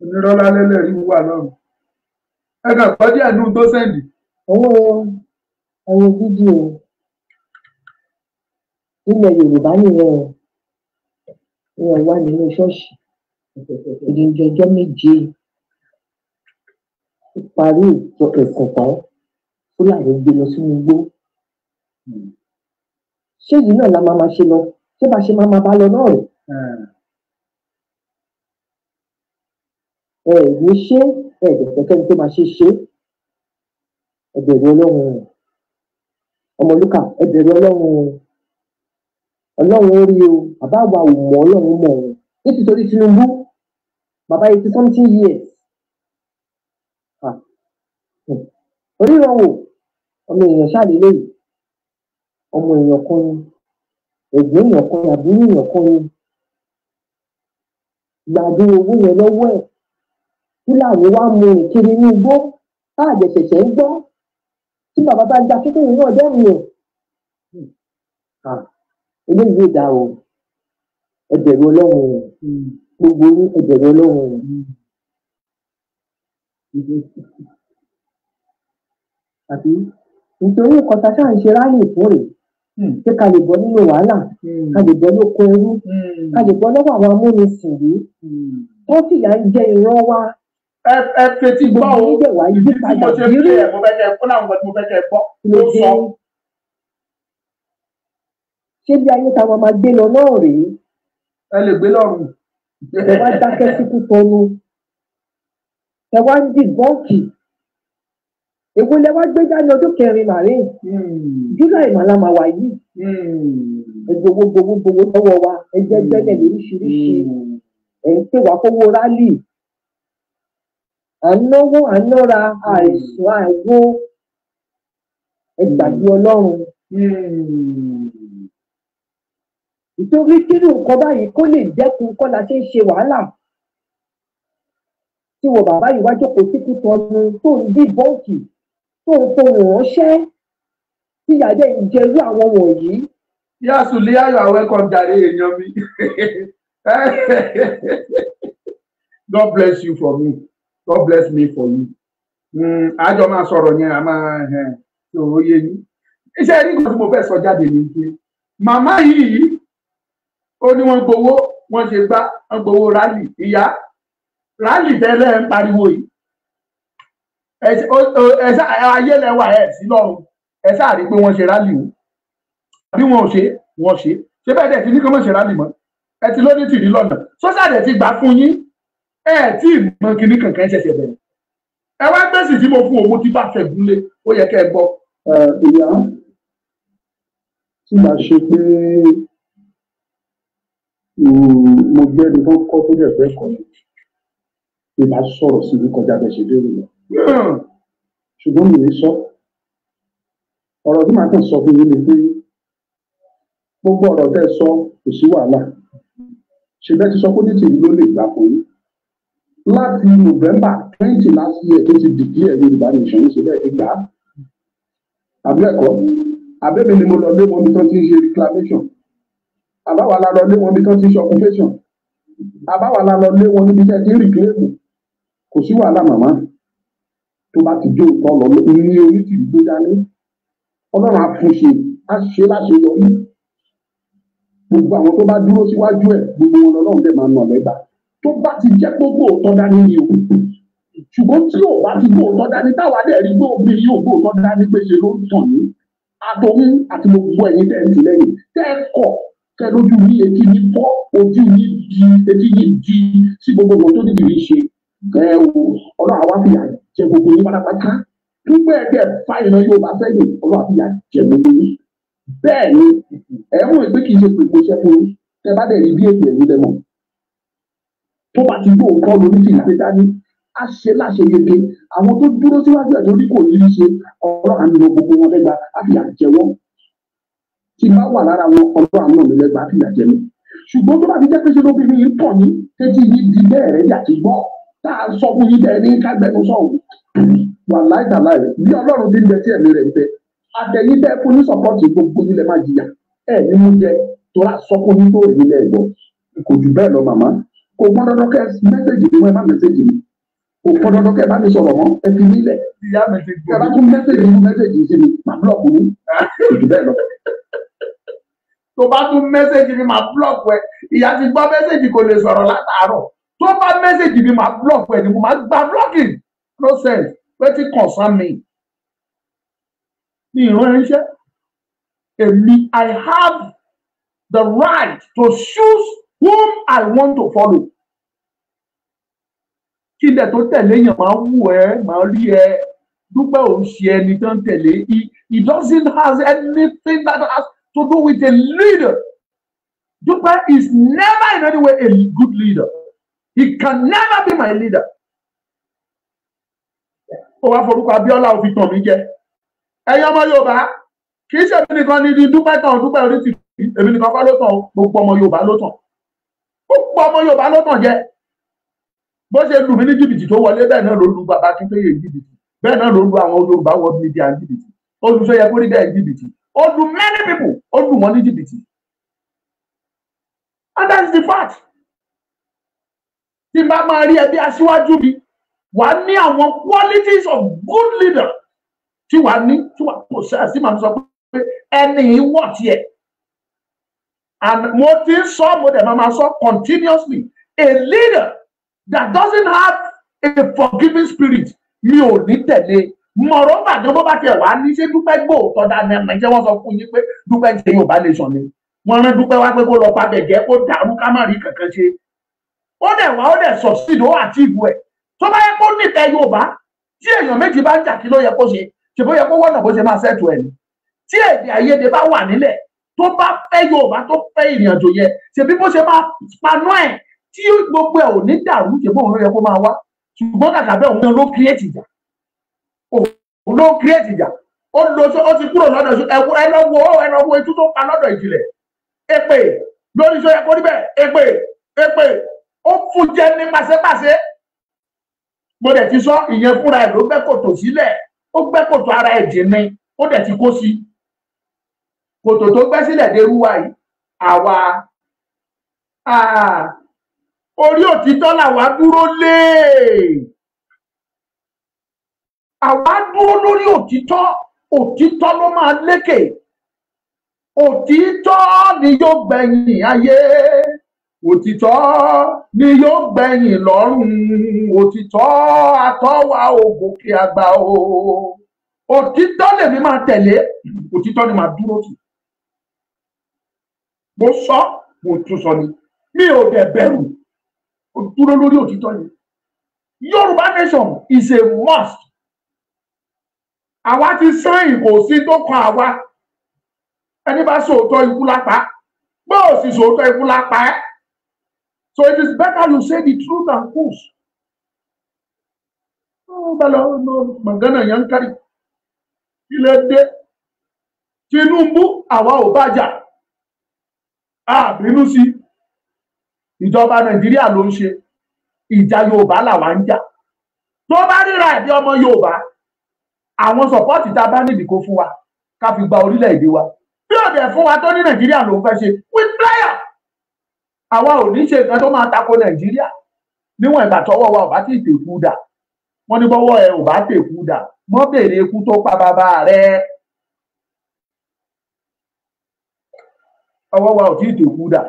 Onírọ́lá lẹ́lẹ́rí wà lọ́rùn. Ẹ kàn gbọ́ díẹ̀ nínú tó sẹ́ndì. Owó o fídíò ilẹ̀ Yorùbá nìyẹn o. Ìyẹn wà nínú ṣọ́ọ̀ṣì. Ìdíje ọjọ́ méje parí ìjọ ẹ̀sìn tán fúlàní gbé lọ sínú igbó ṣé yìí náà la máa máa ṣe lọ ṣé bá ṣe máa máa bá lọ náà rè ẹ ní ṣé ẹ dẹ̀fẹ́ kẹ́ni tó máa ṣe ṣe ẹ bẹ̀rù ọlọ́run rẹ̀ ọmọlúkà ẹ bẹ̀rù ọlọ́run rẹ̀ o bàbá wa ò mọ̀ ọlọ́run mọ̀ ọ́n nítorí Tinubu bàbá yìí ti something years oríran wò ọmọ èèyàn ṣàlélẹ́ yìí ọmọ èèyàn kan ni ẹ̀gbọ́n èèyàn kan ni àbúrò èèyàn kan ni gbàgbé owó yẹn lọ́wọ́ ẹ̀ fúlàní wàá mú un kiri ní igbó káàdì ṣẹ̀ṣẹ̀ ń gbọ́ tí bàbá bá gba kékeré náà dẹ́rù rẹ̀ eléyìí yóò dáa o ẹbẹ̀rù ọlọ́run o gbogbo ẹbẹ̀rù ọlọ́run o àbí nítorí nǹkan tá a ṣáà ń ṣe rálì fún rèé hmm. pé ká lè bọ́ nínú wàhálà hmm. ká lè bọ́ lóko ẹrú hmm. ká lè bọ́ lọ́wọ́ àwọn amúnisìn yìí wọ́n fìyà ń jẹ irọ́ wa. ẹ ẹ fetí gbọ́ o ibi tí mo ṣe fi ẹ̀ mo fẹ́ kẹ́ ẹ̀ kó náà mo fẹ́ kẹ́ ẹ̀ gbọ́ ló sọ. ṣé bí ayé táwọn máa gbé lọ náà rèé. ẹ lè gbé lọ́rùn. ẹ wá dákẹ́ síkú tọ́nu ẹ wá ń dìbọ́ǹkì èwo lẹ wá gbé dání ọdún kẹrin màrín july màlá máa wà yìí hmm. gbowó gbowó gbowó lọ́wọ́ wa ẹjẹ gbẹlẹ hmm. lóríṣiríṣi hmm. ẹ ń pè wá kówó rálì à ń náwó à ń nára àìsàn àìwó ẹ gbàgbé Ọlọ́run ìtorí kírù nǹkan báyìí kó lè dẹ́kun kọ́ la ṣe ń ṣe wàhálà tí wọ bàbá yìí wá jókòó sí kíkan ọdún tó ń bí bọ́ǹkì tó ń fowó ránṣẹ́ kí ìyáde ìjẹrú àwọn wọ̀nyí. yá sùlẹ̀ ayọ̀ àwọn ẹ̀kọ́ jàre èèyàn mi God bless you for me God bless me for you. àjọ hmm, máa sọ̀rọ̀ yẹn a máa eh, sọ̀rọ̀ yé yín. iṣẹ́ ẹni kan tí mo fẹ́ sọ jáde ní pé màmá yìí ó ní wọ́n gbowó wọ́n ṣe gbá wọ́n gbowó rálì ìyá rálì tẹ́lẹ̀ ń pariwo yìí ayé lẹ́wà ẹ̀ sí lọ́rùn ẹ sáà rí i pé wọ́n ṣe rálì o àbí wọn ò ṣe wọ́n ṣe ṣé bẹ́ẹ̀ dẹ̀ ti ní kí wọ́n ṣe rálì mọ́ ẹ ti lóní tìrí lọ́nà sọ́sà dẹ̀ ti gbà fún yín ẹ tí ì mọ kíní kankan ṣẹ̀ṣẹ̀ bẹ̀rẹ̀ ẹ wá gbèsè tí mo fún òun tí bá fẹ́ gúnlé ó yẹ kẹ́ ẹ gbọ́. ìyá tí màá ṣe pé mo gbẹ́ni tó kọ́ tó dẹ̀ fẹ́ kọ́ ni ìbá sọ̀rọ̀ sí kọjá bẹ́ẹ̀ ṣe lérò lọ ṣùgbọ́n mi ò sọ ọ̀rọ̀ tí màá kàn sọ fún yín ni pé gbogbo ọ̀rọ̀ tẹ́ sọ kò sí wàhálà ṣùgbọ́n ti sọ pé nítorí ló lè gbà pé láti November twenty last year tó ti declare Yorùbá nation ṣe bẹ́ẹ̀ ti gbà á ni mo lọ lé wọn bí tó ti ń ṣe reclamation àbáwa la lọ lé wọn bí tó ti ń ṣe occupation àbáwa la lọ lé wọn níbi tẹ́ ti ń reclaim kò sí wàhálà màmá tó bá ti jó nǹkan lọ ní orí ti gbó dání ọlọ́run àfúnṣe á ṣe láṣeyọrí gbogbo àwọn tó bá dúró síwájú ẹ̀ gbogbo wọn lọ́lọ́run dẹ̀ máa nà lẹ́gbà tó bá ti jẹ́ gbogbo òótọ́ dání ni o ṣùgbọ́n tí ò bá ti gbóòótọ́ dání táwa dẹ̀ rí gbóòmí yóò gbóòótọ́ dání pé ṣe ló ń tàn ní àtòun àti gbogbo ẹ̀yin tẹ̀ ń tì lẹ́yìn tẹ́ kọ̀ tẹ́ lójú ní etí ní fọ́ ojú ní di etí ní di sí gbogbo ọmọ tó dìbò yìí ṣe ẹ o ọlọ́run àwa fìyà yìí jẹ gbogbo yín pátápátá nígbà ẹgbẹ́ fáyìnà Yorùbá sẹ́yìn ọlọ́wà fi yà jẹ gbogbo yín bẹ́ẹ̀ ni ẹ mọ̀ pé kì í ṣe pèpò iṣẹ́ fún yín tẹ bá dẹ̀ rí bí ètò ẹ̀yìn lẹ́mọ̀ tó bá ti gbó nǹkan lórí ti ìgbé dání á ṣe láṣẹ yege àwọn tó dúró síwájú ẹ̀ lórí kò ní í ṣe ọlọ́wà ń lo gbogbo wọn lẹ́gbàá á fi yà jẹ wọ́n tí bá wà lára wọn ọlọ́wà ń lò mí lẹ́gbàá á fi yà jẹ mi ṣùgbọ́n tó bá ti jẹ́ pé ṣe lóbìnrin yìí tá a sọ fún yín bẹ́ẹ̀ ní kágbẹ́nu sọ̀hún wà láìdàláì bí ọlọ́run bí ń bẹ tí ẹ̀mí rẹ̀ ń bẹ àtẹ̀yìn bẹ́ẹ̀ fún ní sọ́pọ́ọ̀tì gbogbo nílẹ̀ máa jìyà ẹ̀ ní mú jẹ tó a sọ fún yín tó èyí lẹ̀ gbọ́ kò jù bẹ́ẹ̀ lọ màmá kò gbọ́n dandan kẹ́ mẹ́sẹ̀gì mi wọ́n ẹ má mẹ́sẹ̀gì mi kò gbọ́n dandan kẹ́ bá mi sọ̀rọ̀ mọ́ ẹ fi mí lẹ̀ ẹ bá tún mẹ́sẹ̀gì mi ìyá mẹ́sẹ̀gì kò lè sọ̀rọ̀ látàárọ̀ tó bá mẹ́sẹ̀gì mi máa block ẹ̀ ni mo máa gba blocking process wetin concern me ní ìran ẹ̀ṣẹ́ èmi I have the right to choose whom I want to follow kí ilẹ̀ tó tẹ̀lé yẹn máa wù ẹ́ máa rí ẹ dúpẹ́ òun ṣe ẹni tó ń tẹ̀lé he he doesn't has anything that has to do with a leader dúpẹ́ is never in any way a good leader. He can never be my leader. Ó wá forúkọ Abíọ́lá òfin tàn mí jẹ. Ẹyẹ ọmọ Yorùbá kì í ṣe èmi nìkan ní dúpẹ́ tán dúpẹ́ orí ti fi èmi nìkan kọ́ ló tàn gbogbo ọmọ Yorùbá ló tàn. Gbogbo ọmọ Yorùbá ló tàn jẹ. Bó ṣe lù mí ní jìbìtì tó wọlé bẹ́ẹ̀ náà ló lu bàbá Akíntóyè jìbìtì. Bẹ́ẹ̀ náà ló lu àwọn Yorùbá wọ́n ní bí i jìbìtì. Olùsọ̀yẹ kórìí bẹ́ẹ̀ jìbìtì. Ó many people ó lu wọn ní jìbìtì. And that is the fact tí bá máa rí ẹbí aṣíwájú mi wàá ní àwọn qualities of good leader tí wàá ní tí wàá kò sí àti màá sọ pé ẹni ìwọ tiẹ̀ and mo ti ń sọ mo dẹ̀ máa sọ continuously a leader that doesn't have a forgiving spirit mi ò ní tẹ̀lé mọ̀rọ̀ bàjẹ́ bó bá tiẹ̀ wá ní ṣé dúpẹ́ gbòòtọ́ dáná ẹ̀mọ́ ìṣe wọ́n sọ fún yín pé dúpẹ́ ń ṣe Yorùbá nation ni wọ́n rán dúpẹ́ wá pé kó lọ pa gẹ̀gẹ́ kó dàrú ká má rí kankan ṣe ó dẹ̀ wá ó dẹ̀ succeed ó achieve ẹ̀ tó bá yẹ kó nìtẹ̀ Yorùbá tí èèyàn méjì bá ń jà kí ló yẹ kó ṣe ṣe bó yẹ kó wọ́nà bó ṣe máa ṣètò ẹ̀ ni tí èdè àìyedè bá wà nílẹ̀ tó bá fẹ́ Yorùbá tó fẹ́ ìrìnàjò yẹ ṣe bí bó ṣe máa paná ẹ̀ tí gbogbo ẹ̀ ò ní dàrú ṣe bó òun ló yẹ kó máa wá ṣùgbọ́n kàkà bẹ́ẹ̀ òun ló create ìjà òun ló create ìjà ó lo ó ti kúrò lọ́dọ̀ ẹlọ́wọ́ ẹlọ́wọ́ etú tó pa lọ́dọ̀ ìjìnlẹ̀ èpè lórí iṣẹ́ ẹ̀kọ́ níbẹ̀ èpè èpè ó fún jẹ ní pàṣẹpàṣẹ mo dẹ̀ ti sọ ìyẹn fúnra ẹ̀ ló gbẹ́ kòtò sílẹ̀ ó gbẹ́ kòtò ara ẹ̀ jìn ni ó dẹ̀ ti kó sí kòtò tó gbẹ́ sílẹ̀ dé rúwa yìí àwa orí òtítọ́ làwa dúró lé àwa dúró lórí òtítọ́ òtítọ́ ló máa lékè òtítọ́ ni yóò gbẹ̀yìn ayé òtítọ́ ni yóò gbẹ̀yìn lọ́rùn òtítọ́ àtọ́wà ògòkè àgbà o òtítọ́ lèmi máa tẹ̀lé òtítọ́ ni màá dúró tì mo sọ mo tún sọ ni mi ò dẹ̀ bẹ̀rù o dúró lórí òtítọ́ yìí Yorùbá nation is a must àwa ti sán ìbò sí tó kan àwa ẹni bá sòótọ́ ikú lápá bó o sì sòótọ́ ikú lápá ẹ́. So it is better you say the truth and push. Oh, balo, no, magana yankari. Ilé dé. Tinubu àwa ò bájà. A ah, bínú sí. Ìjọba Nàìjíríà ló ń ṣe. Ìjà Yorùbá làwa ń jà. Tó bá ríra ẹ̀bí ọmọ Yorùbá, àwọn sọ̀pọ́ọ̀tì tá a bá nídìí kó fún wa ká fi gba we play àwa ò ní ṣe nǹkan tó máa tako nàìjíríà níwọ̀n ìgbà tọ́wọ́ wa ò bá tètè kú dà wọ́n ní bọ́wọ́ ẹ ò bá tètè kú dà mọ́ bèrè ikú tó pa bàbá rẹ ọwọ́ wa ò tí ì tètè kú dà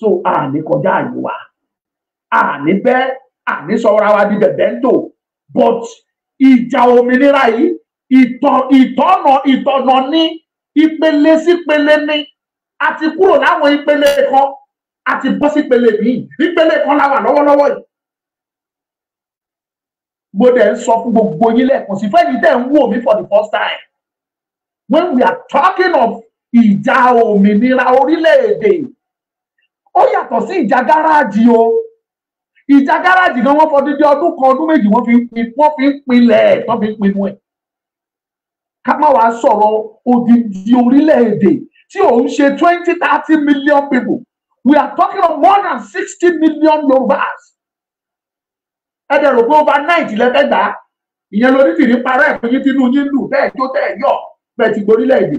so àní kọjá àyè wa àní bẹ́ àní sọra wa di bẹ̀bẹ̀ ń tò but ìjà òmìnira yìí ìtọ̀ ìtọ̀nà ìtọ̀nà ní ìpele sípele ní a ti kúrò láwọn ìpele kan a ti bọ́ sí pele míì nípele kan la wà lọ́wọ́lọ́wọ́ yìí mo dẹ̀ ń sọ fún gbogbo yín lẹ́ẹ̀kan sí fẹ́ẹ́ ní tẹ̀ ń wò mí for the first time when we are talking of ìjà òmìnira orílẹ̀-èdè ó yàtọ̀ sí ìjà gáràjì o ìjà gáràjì gan wọ́n fọdún dé ọdún kan ọdún méjì wọ́n fi ń pin wọ́n fi ń pinlẹ̀ wọ́n fi ń pinnu ẹ̀ ká má wàá sọ̀rọ̀ odidi orílẹ̀-èdè tí òun ṣe twenty thirty million people we are talking of more than sixty million yorùbás ẹ dẹ̀ rò over ninety lẹ́fẹ̀ẹ́ gbà ìyẹn lórí tìrí parẹ́ ẹ̀fọ́ yín tínú yín lù bẹ́ẹ̀ tó tẹ̀ yọ̀ bẹ́ẹ̀ ti gborílẹ̀ èdè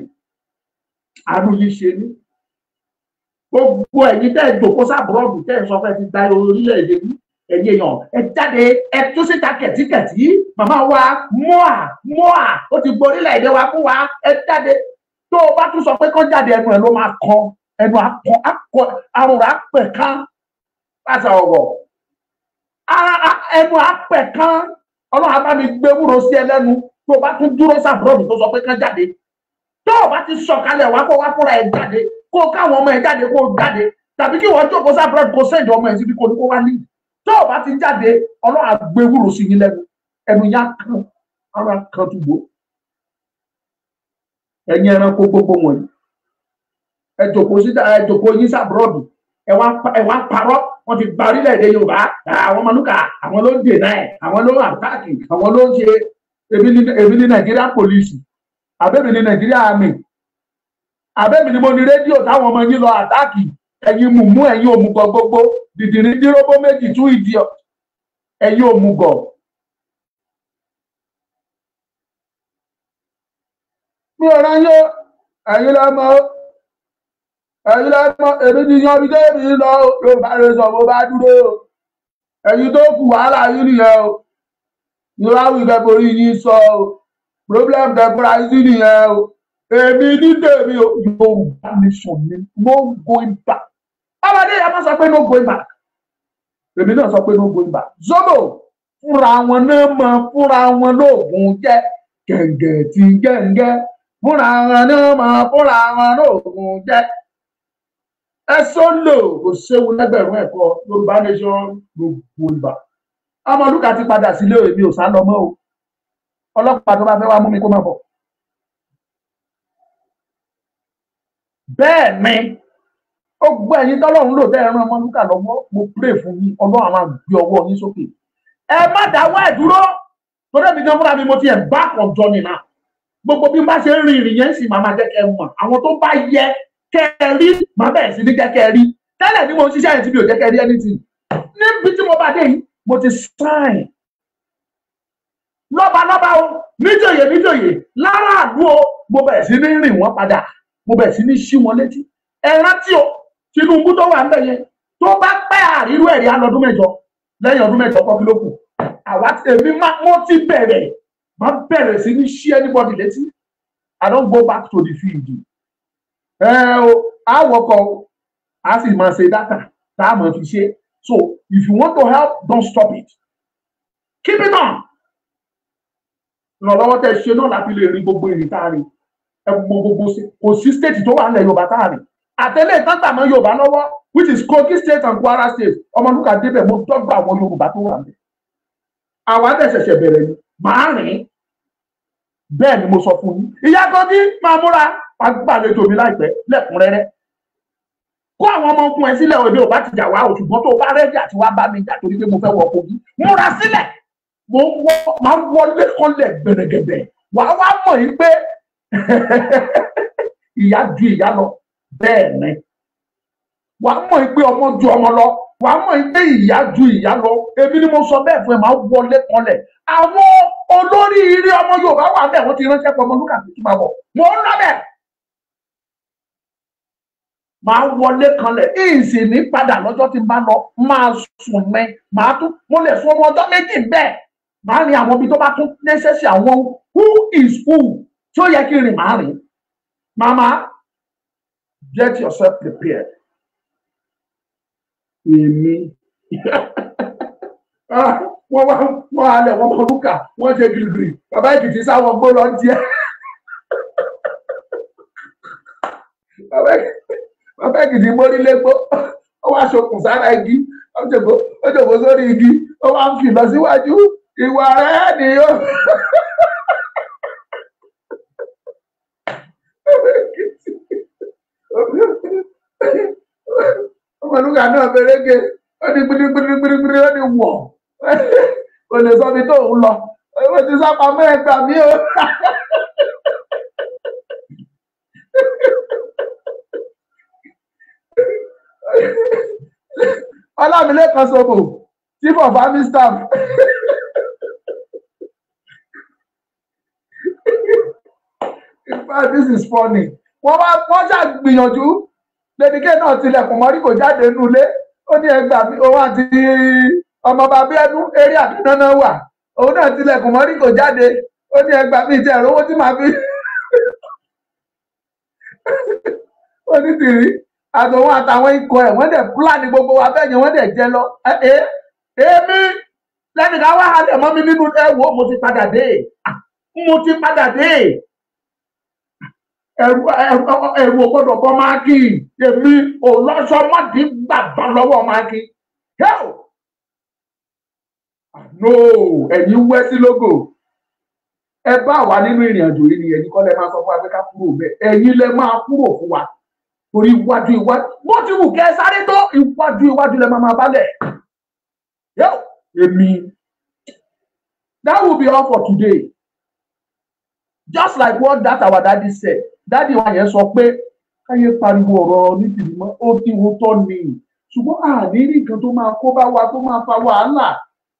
àánú yín ṣe ní gbogbo ẹ̀yin tẹ́ ẹ̀ dòkó sábúrọ́ọ̀dù tẹ́ ẹ̀ sọ fẹ́ ti da orílẹ̀ èdè yìí ẹ̀yin èèyàn ẹ jáde ẹ tún síta kẹ̀tíkẹ̀tí màmá wa mọ́à mọ́à ó ti gborílẹ̀ èdè wa fún wa ẹ jáde tó o bá tún sọ pé kán jáde ẹnu ẹ ló máa kan ẹnu akọ akọ arora apẹka láti ọ̀rọ̀ ẹnu apẹka Ọlọ́run abámi gbé wúro sí ẹ lẹ́nu tó o bá tún dúró sàbúrọ̀dù tó sọ pé kán jáde tó o bá ti sọ̀kalẹ̀ wá kó wá fúnra ẹ jáde kó o káwọn ọmọ ẹ jáde kó o jáde tàbí kí wọ́n jókòó sàbúrọ̀dù kó sẹ́ǹdì ọmọ ẹ síbi kó o ní kó wá ní tó o bá ti jáde Ọlọ́run agbé wúro sí yín lẹ́nu ẹnu yá kan ara kan túbọ̀ ẹ̀yin ẹranko gbogbo wọ̀nyí ẹ jòkó síta ẹ jòkó yín sábúrọ̀dù ẹ wá ẹ wá parọ́ wọ́n ti gba orílẹ̀-èdè Yorùbá àwọn Ọmọlúkà àwọn ló ń dènà ẹ̀ àwọn ló ń àtàkì àwọn ló ń ṣe èmi ní Nàìjíríà pòlìsì àbẹ́mi ní Nàìjíríà àmì àbẹ́mi ni mo ní rédíò táwọn ọmọ yín lọ àtàkì ẹ̀yin mùmú ẹ̀yin òmùgọ̀ gbogbo dìdìrín dírógbó méjì tún ìdí ẹ̀yin òmùgọ̀ mi ò ráyọ ẹ̀yin lọ́mọ ẹ̀yin lẹ́mọ̀ èmi ti yan bíi tẹ́ẹ̀mì lọ yorùbá rẹ sọ mo bá dúró o ẹ̀yin tó kù wàhálà yín nìyẹn o níwáwí ìfẹ́borí yín sọ o problem tẹ̀kúra yín nìyẹn o èmi ní tèmi o yorùbá mi sùn ní no going back ọmọdé yẹn máa sọ pé no going back èmi náà sọ pé no going back zobo fúnra wọn náà mọ fúnra wọn lóògùn jẹ gẹ̀ǹgẹ̀ tí gẹ̀ǹgẹ̀ fúnra wọn náà mọ fúnra wọn lóògùn jẹ ẹ sọ́lò kò séwu lẹ́gbẹ̀rún ẹ̀kọ́ yorùbá nation gbogbo ìgbà amọ̀lúkà ti padà sílé èmi ò sá lọ mọ́ o ọlọ́pàá tó bá fẹ́ wá mú mi kó má bọ̀. bẹ́ẹ̀ ni ó gbọ́ ẹ̀yin tọ́lọ́run lò tẹ́ ẹ rán ọmọlúkà lọ́wọ́ mo pray fún yín ọlọ́run àwọn àgbẹ̀ ọwọ́ yín sókè ẹ má dáwọ́ ẹ̀ dúró torí èmi gan fúnra mi mo ti ẹ̀ bá ọ̀jọ́ nìyà gbogbo bí n bá ṣe ń rin ìrìn yẹn sì máa máa jẹ́ kẹ́ ẹ mọ̀ àwọn tó bá yẹ kẹ́ ẹ rí màá bẹ̀rẹ̀ sí ní jẹ́ kẹ́ ẹ rí tẹ́lẹ̀ ni mo ń ṣiṣẹ́ yẹn tí mi ò jẹ́ kẹ́ ẹ rí anything níbi tí mo bá dé yìí mo ti sign lọ́balọ́ba o níjòyè níjòyè láràádú o mo bẹ̀rẹ̀ sí ní rìn wọ́n padà mo bẹ̀rẹ̀ sí ní ṣí wọn létí ẹ rántí o Tinubu tó wà ń bẹ̀ yẹn tó bá pẹ́ àrírú ẹ̀rí alọ́dún mẹ́jọ lẹ́yìn ọdún mẹ́jọ kọ́ kí ló kù àwa èmi máa mo ti bẹ̀rẹ̀ máa bẹ̀rẹ̀ sí ní ṣí anybody létí I don go back to the field ẹ o á wọkọ̀ á sì máa ṣe dátà tá a so if you want to help don't stop it keep it on ìrànlọ́wọ́ tẹ́ ṣe náà láti lè rí gbogbo èrè tá a rí ẹ gbogbo kò sí state tó wà nílẹ̀ Yorùbá tá a rí àtẹlẹ ìtàntà mọ́ Yorùbá lọ́wọ́ which is Kogi state and Kwara state Ọmọlúkà débẹ̀ mo dọ́gba àwọn Yorùbá tó wà níbẹ̀ àwa dẹ̀ ṣẹ̀ṣẹ̀ bẹ̀rẹ̀ ni màá rìn bẹ́ẹ̀ ni mo sọ fún yín ìyá Kogi máa múra agbàlejò mi láìpẹ́ lẹ́kùnrẹ́rẹ́ kó àwọn ọmọ ogun ẹ sílẹ̀ òde òbá ti jà wá o ṣùgbọ́n tó o bá rẹ́dí àti wá bá mi jà torí pé mo fẹ́ wọ kogi múra sílẹ̀ mo wọ máa ń wọlé kọlẹ̀ gbẹ̀rẹ̀gẹ̀dẹ̀ wà á wá mọ̀ yín pé ìyá ju ìyá lọ bẹ́ẹ̀ ni wà á mọ̀ yín pé ọmọ ju ọmọ lọ wà á mọ̀ yín pé ìyá ju ìyá lọ èmi ni mo sọ bẹ́ẹ̀ fún ẹ máa ń wọlé kọlẹ̀ àwọn olóríire ọmọ Yorùbá wà bẹ́ẹ̀ wọ́n ti ránṣẹ́ pọ̀ ọmọ lúkà tó ti máa bọ̀ mò ń lọ bẹ́ẹ̀ máa wọlé kanlẹ̀ ìsì ní padà lọ́jọ́ tí n bá lọ máa sùn mẹ́ máa tún mo lè sùn ọmọ ọjọ́ méjì bẹ́ẹ̀ máa rìn àwọn ibi tó bá tún necessary àwọn who is who tí ó yẹ kí n rìn máa rìn mama get yourself prepared èmi ah, wọ́n wá wọ́n alẹ̀ wọ́n mọ lúkà wọ́n ṣe gírígírí bàbá èkìtì sáwọn gbó lọ jẹ́ bàbá èkìtì wọn fẹ́ gidi mórí légbó ó wá ṣokùn sára igi ó jòkó ó jòkó sórí igi ó wá ń fi lọ síwájú ìwà rẹ nìyó. ọmọlúkà náà fẹrẹgẹ ó ní gbinigbinigbinigbini ó ní wọ ó lè sọ mi tó ń lọ ó ti sábà mọ ẹgbàá mi ó. ọlámilẹ́kan sobo chief of army staff. in fact this is funny wọ́n wá wọ́n ṣáà gbìyànjú lẹ́díkẹ́ náà tilẹ̀kùn mọ́rí kò jáde nulẹ̀ ó ní ẹgbà mi òun àti ọmọ bàbá ẹnu eré àtúntàn wà òun náà tilẹ̀kùn mọ́rí kò jáde ó ní ẹgbà mi ìtẹ̀ ẹ̀rọ owó tí màá fi onítìrí àtòun àtàwọn ikọ̀ ẹ̀ wọ́n dẹ̀ fúlàní gbogbo wa bẹ́ẹ̀ yẹn wọ́n dẹ̀ jẹ lọ wá halẹ̀ mọ́ mi nínú ẹ mo ti padà dé ah, mo ti padà dé ẹrù ẹ̀rù ògbọ́dọ̀ bọ́ máa èmi ò gbàgbọ́ lọ́wọ́ ah, no ẹ̀yin wẹ́ sí lógo ẹ bá wa nínú ìrìn àjò yìí ni ẹ̀yin kọ́ lẹ orí iwájú iwájú bó ti wù kẹ́ sáré tó iwájú iwájú lẹ máa máa balẹ̀ yóò èmi that will be all for today just like what that our daddy said daddy wa yẹn sọ pé káyé pariwo ọ̀rọ̀ nídìrí mọ́ ó ti wo tọ́ ni ṣùgbọ́n àní rí nǹkan tó máa kó bá wa tó máa fa wàhálà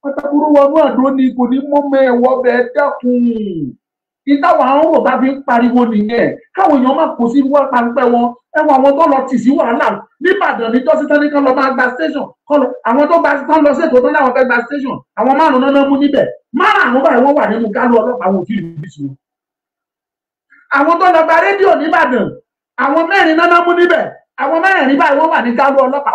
pátákó wọnú àdó ni kò ní mọ́mọ́ ẹ̀wọ́ bẹ́ẹ̀ dẹ́kun ìtawà àwọn ọmọ bá fi ń pariwo nìyẹn káwọn èèyàn máa kó sí wá pańpẹ́ wọn ẹwọn àwọn tó lọ tì sí wàhálà nìbàdàn ní jọ́sítán ní kán lọ máa gba station àwọn tó gba tán lọ sèkó tán láwọn fẹ́ gba station àwọn márùn-ún náà mú níbẹ̀ márùn-ún báyìí wọ́n wà nínú kálù ọlọ́pàá àwọn òfin ìlú ìṣù àwọn tó lọ gba rédíò nìbàdàn àwọn mẹ́rin náà mú níbẹ̀ àwọn mẹ́rin báyìí wọ́n wà ní kálù ọlọ́pàá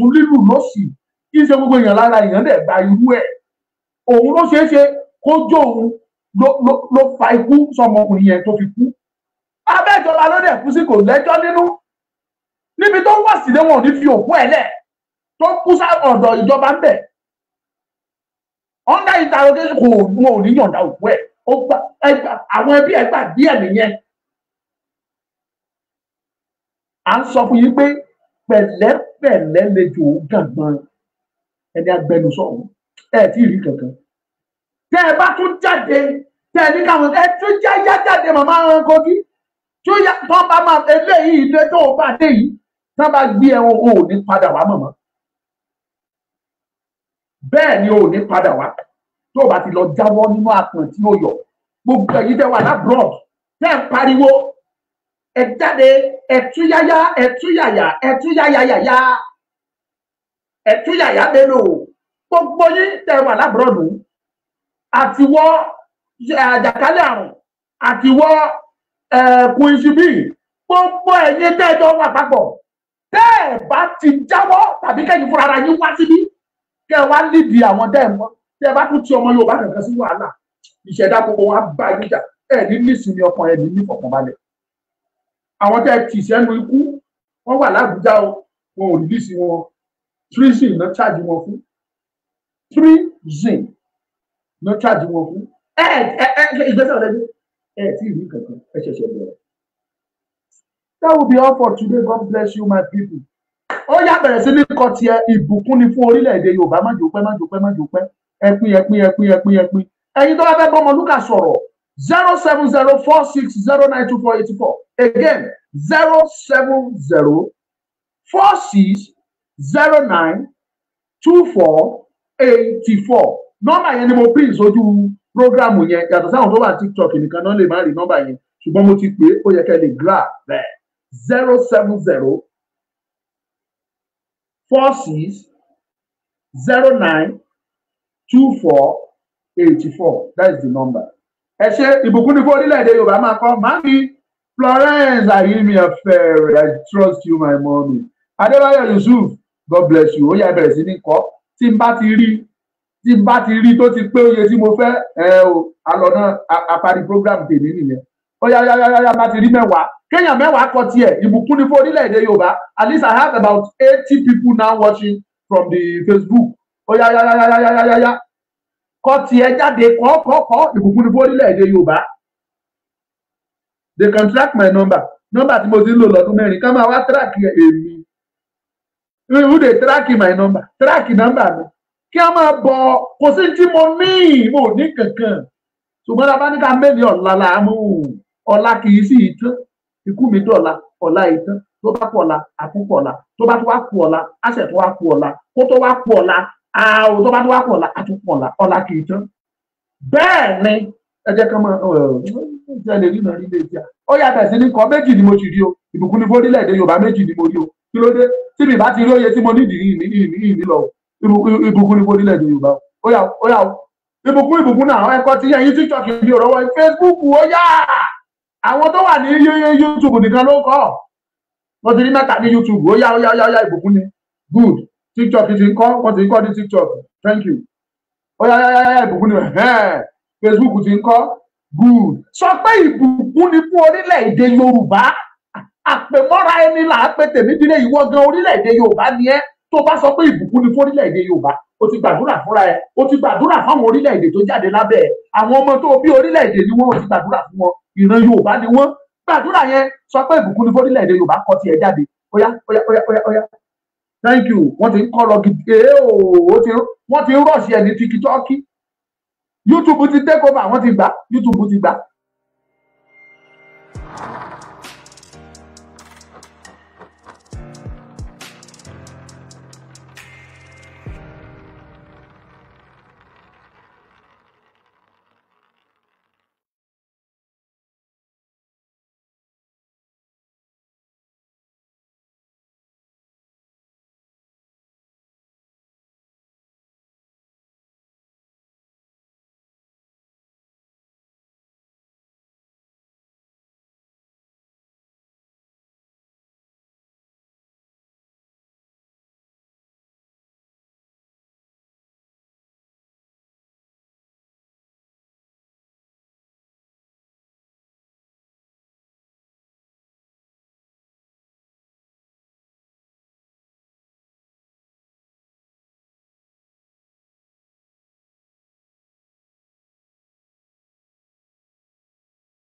wọ́n kí ṣe gbogbo èèyàn lára èèyàn dẹ̀ gba irú ẹ̀ òun ló ṣeé ṣe kó jó òun ló fa ikú sọmọkùnrin yẹn tó fi kú abẹ́jọba ló dẹ̀ kú sí kò lẹ́jọ́ nínú níbi tó wà sílé wọn ò ní fi òkú ẹ̀ lẹ̀ tó kú sá ọ̀dọ̀ ìjọba ń bẹ̀ ọ̀ndà interrogation kò wọn ò ní yọ̀ǹda òkú ẹ̀ àwọn ẹbí ẹ̀ gbà díẹ̀ nìyẹn à ń sọ fún yín pé pẹ̀lẹ́pẹ̀lẹ́ lejò gàngbọ̀n ẹni agbẹnusọ ọhún ẹ ti rí kankan tẹ ẹ bá tún jáde tẹ ẹ ní káwọn ẹ tún já yá jáde màmá wọn kogi tí ó yá tó bá máa eléyìí ilé tó o bá dé yìí tá a bá gbé ẹ o ò ní padà wá mọ̀mọ́ bẹ́ẹ̀ ni o ò ní padà wá tó o bá ti lọ jáwọ́ nínú àpọ̀n tí ó yọ gbogbo ẹ̀yin tẹ wà lábúrọ̀d tẹ ẹ pariwo ẹ jáde ẹ túyáyá ẹ túyàyà ẹ túyáyàyàyà ẹtú yàyà bello gbogbo yín tẹwà lábúrọ̀dù àtiwọ́ àjàkálẹ̀ àrùn àtiwọ́ ẹ̀kún ìṣubí gbogbo ẹ̀yin tẹ́jọ́ wà papọ̀ tẹ́ ẹ̀ bá ti jáwọ́ tàbí kẹ́yìn fúnra ara yín wá síbí kẹ́ ẹ wá lídìí àwọn tẹ́ ẹ̀ mọ́ tẹ́ ẹ bá tún ti ọmọ Yorùbá kankan sí wàhálà ìṣẹ̀dá gbogbo wa bá yín jà ẹ̀ ní nísìnyí ọkàn ẹ̀ ní nífọ̀kànbalẹ̀ àwọn tẹ́ ẹ tì sẹ́nu ikú wọ́n wà lábújá o wọn ò rí nísìnyí wọn treason náà ṣáàjì wọn fún treason náà ṣáàjì wọn fún ẹ ẹ ẹ ìgbésẹ̀ rẹ ní ẹ tí ìlú kankan ẹ ṣẹ̀ṣẹ̀ bẹ̀rẹ̀. that will be all for today God bless you my people. ó yá bẹ̀rẹ̀ sí ní kọ tiẹ̀ ìbùkún ni fún orílẹ̀-èdè Yorùbá má jòpẹ́ má jòpẹ́ má jòpẹ́ ẹpin ẹpin ẹpin ẹpin ẹpin ẹ̀yin tó bá fẹ́ bọ́mọ lúkà sọ̀rọ̀ zero seven zero four six zero nine two four eighty four again zero seven zero four six zero nine two four eighty four nọ́mbà yẹn ni mo pín sójú prógrámù yẹn yàtọ̀ sáwọn tó wà tiktok nìkan náà lè má rí nọ́mbà yẹn ṣùgbọ́n mo ti pè é ó yẹ kẹ́ lè gbà bẹ́ẹ̀ zero seven zero four six zero nine two four eighty four that is the number. ẹ ṣe ìbùkún ní fún orílẹ̀-èdè yorùbá máa kọ́ màmí florence ayimi afẹ́rẹ́ i trust you my mommy adébáyọ̀ yusuf god bless you ó yá bẹ̀rẹ̀ sí ní kọ́ tí n bá ti rí tí n bá ti rí tó ti pé oye tí mo fẹ́ ẹ o àlọ́ náà àparí program tèmi nìyẹn ó yá yá yá yá bá ti rí mẹ́wàá kéèyàn mẹ́wàá kọ tiẹ̀ ìbùkún ni fún orílẹ̀-èdè yorùbá at least i have about eighty people now watching from the facebook ó yá yá yá yá yá yá yá kọ tiẹ̀ jáde kọ́ kọ́ kọ́ ìbùkún ni fún orílẹ̀-èdè yorùbá they can track my number Number tí mo ti ń lò lọ́dún mẹ́rin ká máa wá tíráàkì èmi who dey track my number track number mi kí a máa bọ̀ kò sí tí mo ní mo ní kankan ṣùgbọ́n tá bá ní ká mẹ́lẹ̀ ọ̀la làámú ọ̀la kì í sì tán ikú mi dọ̀la ọ̀la ìtàn tó bá kú ọ̀la àkúkú ọ̀la tó bá tó wá kú ọ̀la àṣẹ tó wá kú ọ̀la kó tó wá kú ọ̀la àrùn tó bá tó wá kú ọ̀la àtúkú ọ̀la ọ̀la kì í tán bẹ́ẹ̀ ni ẹ jẹ́ kán mọ ṣe lè rí ìnáwó ilé ìjà ó yàtọ̀ sí ní kan méjì ni mo sì rí o ìbùkún ní fórílẹ̀-èdè yorùbá méjì ni mo rí o kí ló dé tí mi bá ti rí oyè tí mo nídìí ìní lọ ìbùkún ní fórílẹ̀-èdè yorùbá o yà o yà ìbùkún ìbùkún náà àwọn ẹ̀kọ́ ti yẹ yín tiktok yìí ò rọwọ́ facebook ó yà àwọn tó wà ní youtube nìkan ló kọ́ wọ́n ti rí mẹ́ta ní youtube ó yà ó yà ó yà ìbùkún ni good tiktok ti ń kọ́ wọ́n ti ń kọ́ ní tiktok thank you ó yà ó yà ó yà ìbùkún ni ẹ̀ẹ́ Facebook ti ń kọ́ good sọ pé ìbùkún ni fún orílẹ̀-èdè Yorùbá àpèmọ́ra ẹni là á pe tèmi dílé ìwọ gan orílẹ̀-èdè Yorùbá ni ẹ́ tó bá sọ pé ìbùkún ni fún orílẹ̀-èdè Yorùbá o ti gbàdúrà fúnra ẹ o ti gbàdúrà fáwọn orílẹ̀-èdè tó jáde lábẹ́ ẹ àwọn ọmọ tó bí orílẹ̀-èdè ni wọ́n o ti gbàdúrà fún wọn ìran Yorùbá ni wọ́n gbàdúrà yẹn sọ pé ìbùkún ni fún orílẹ̀-èdè Yorùbá kọ tiẹ̀ jáde oya oya oya oya oya thank you wọ́n ti ń kọ́ lọ gidi ee o wọ́n ti ń rọ̀ṣì ẹ̀ ní tikitọ́kì YouTube ti take over àwọn ti gbà YouTube ti gbà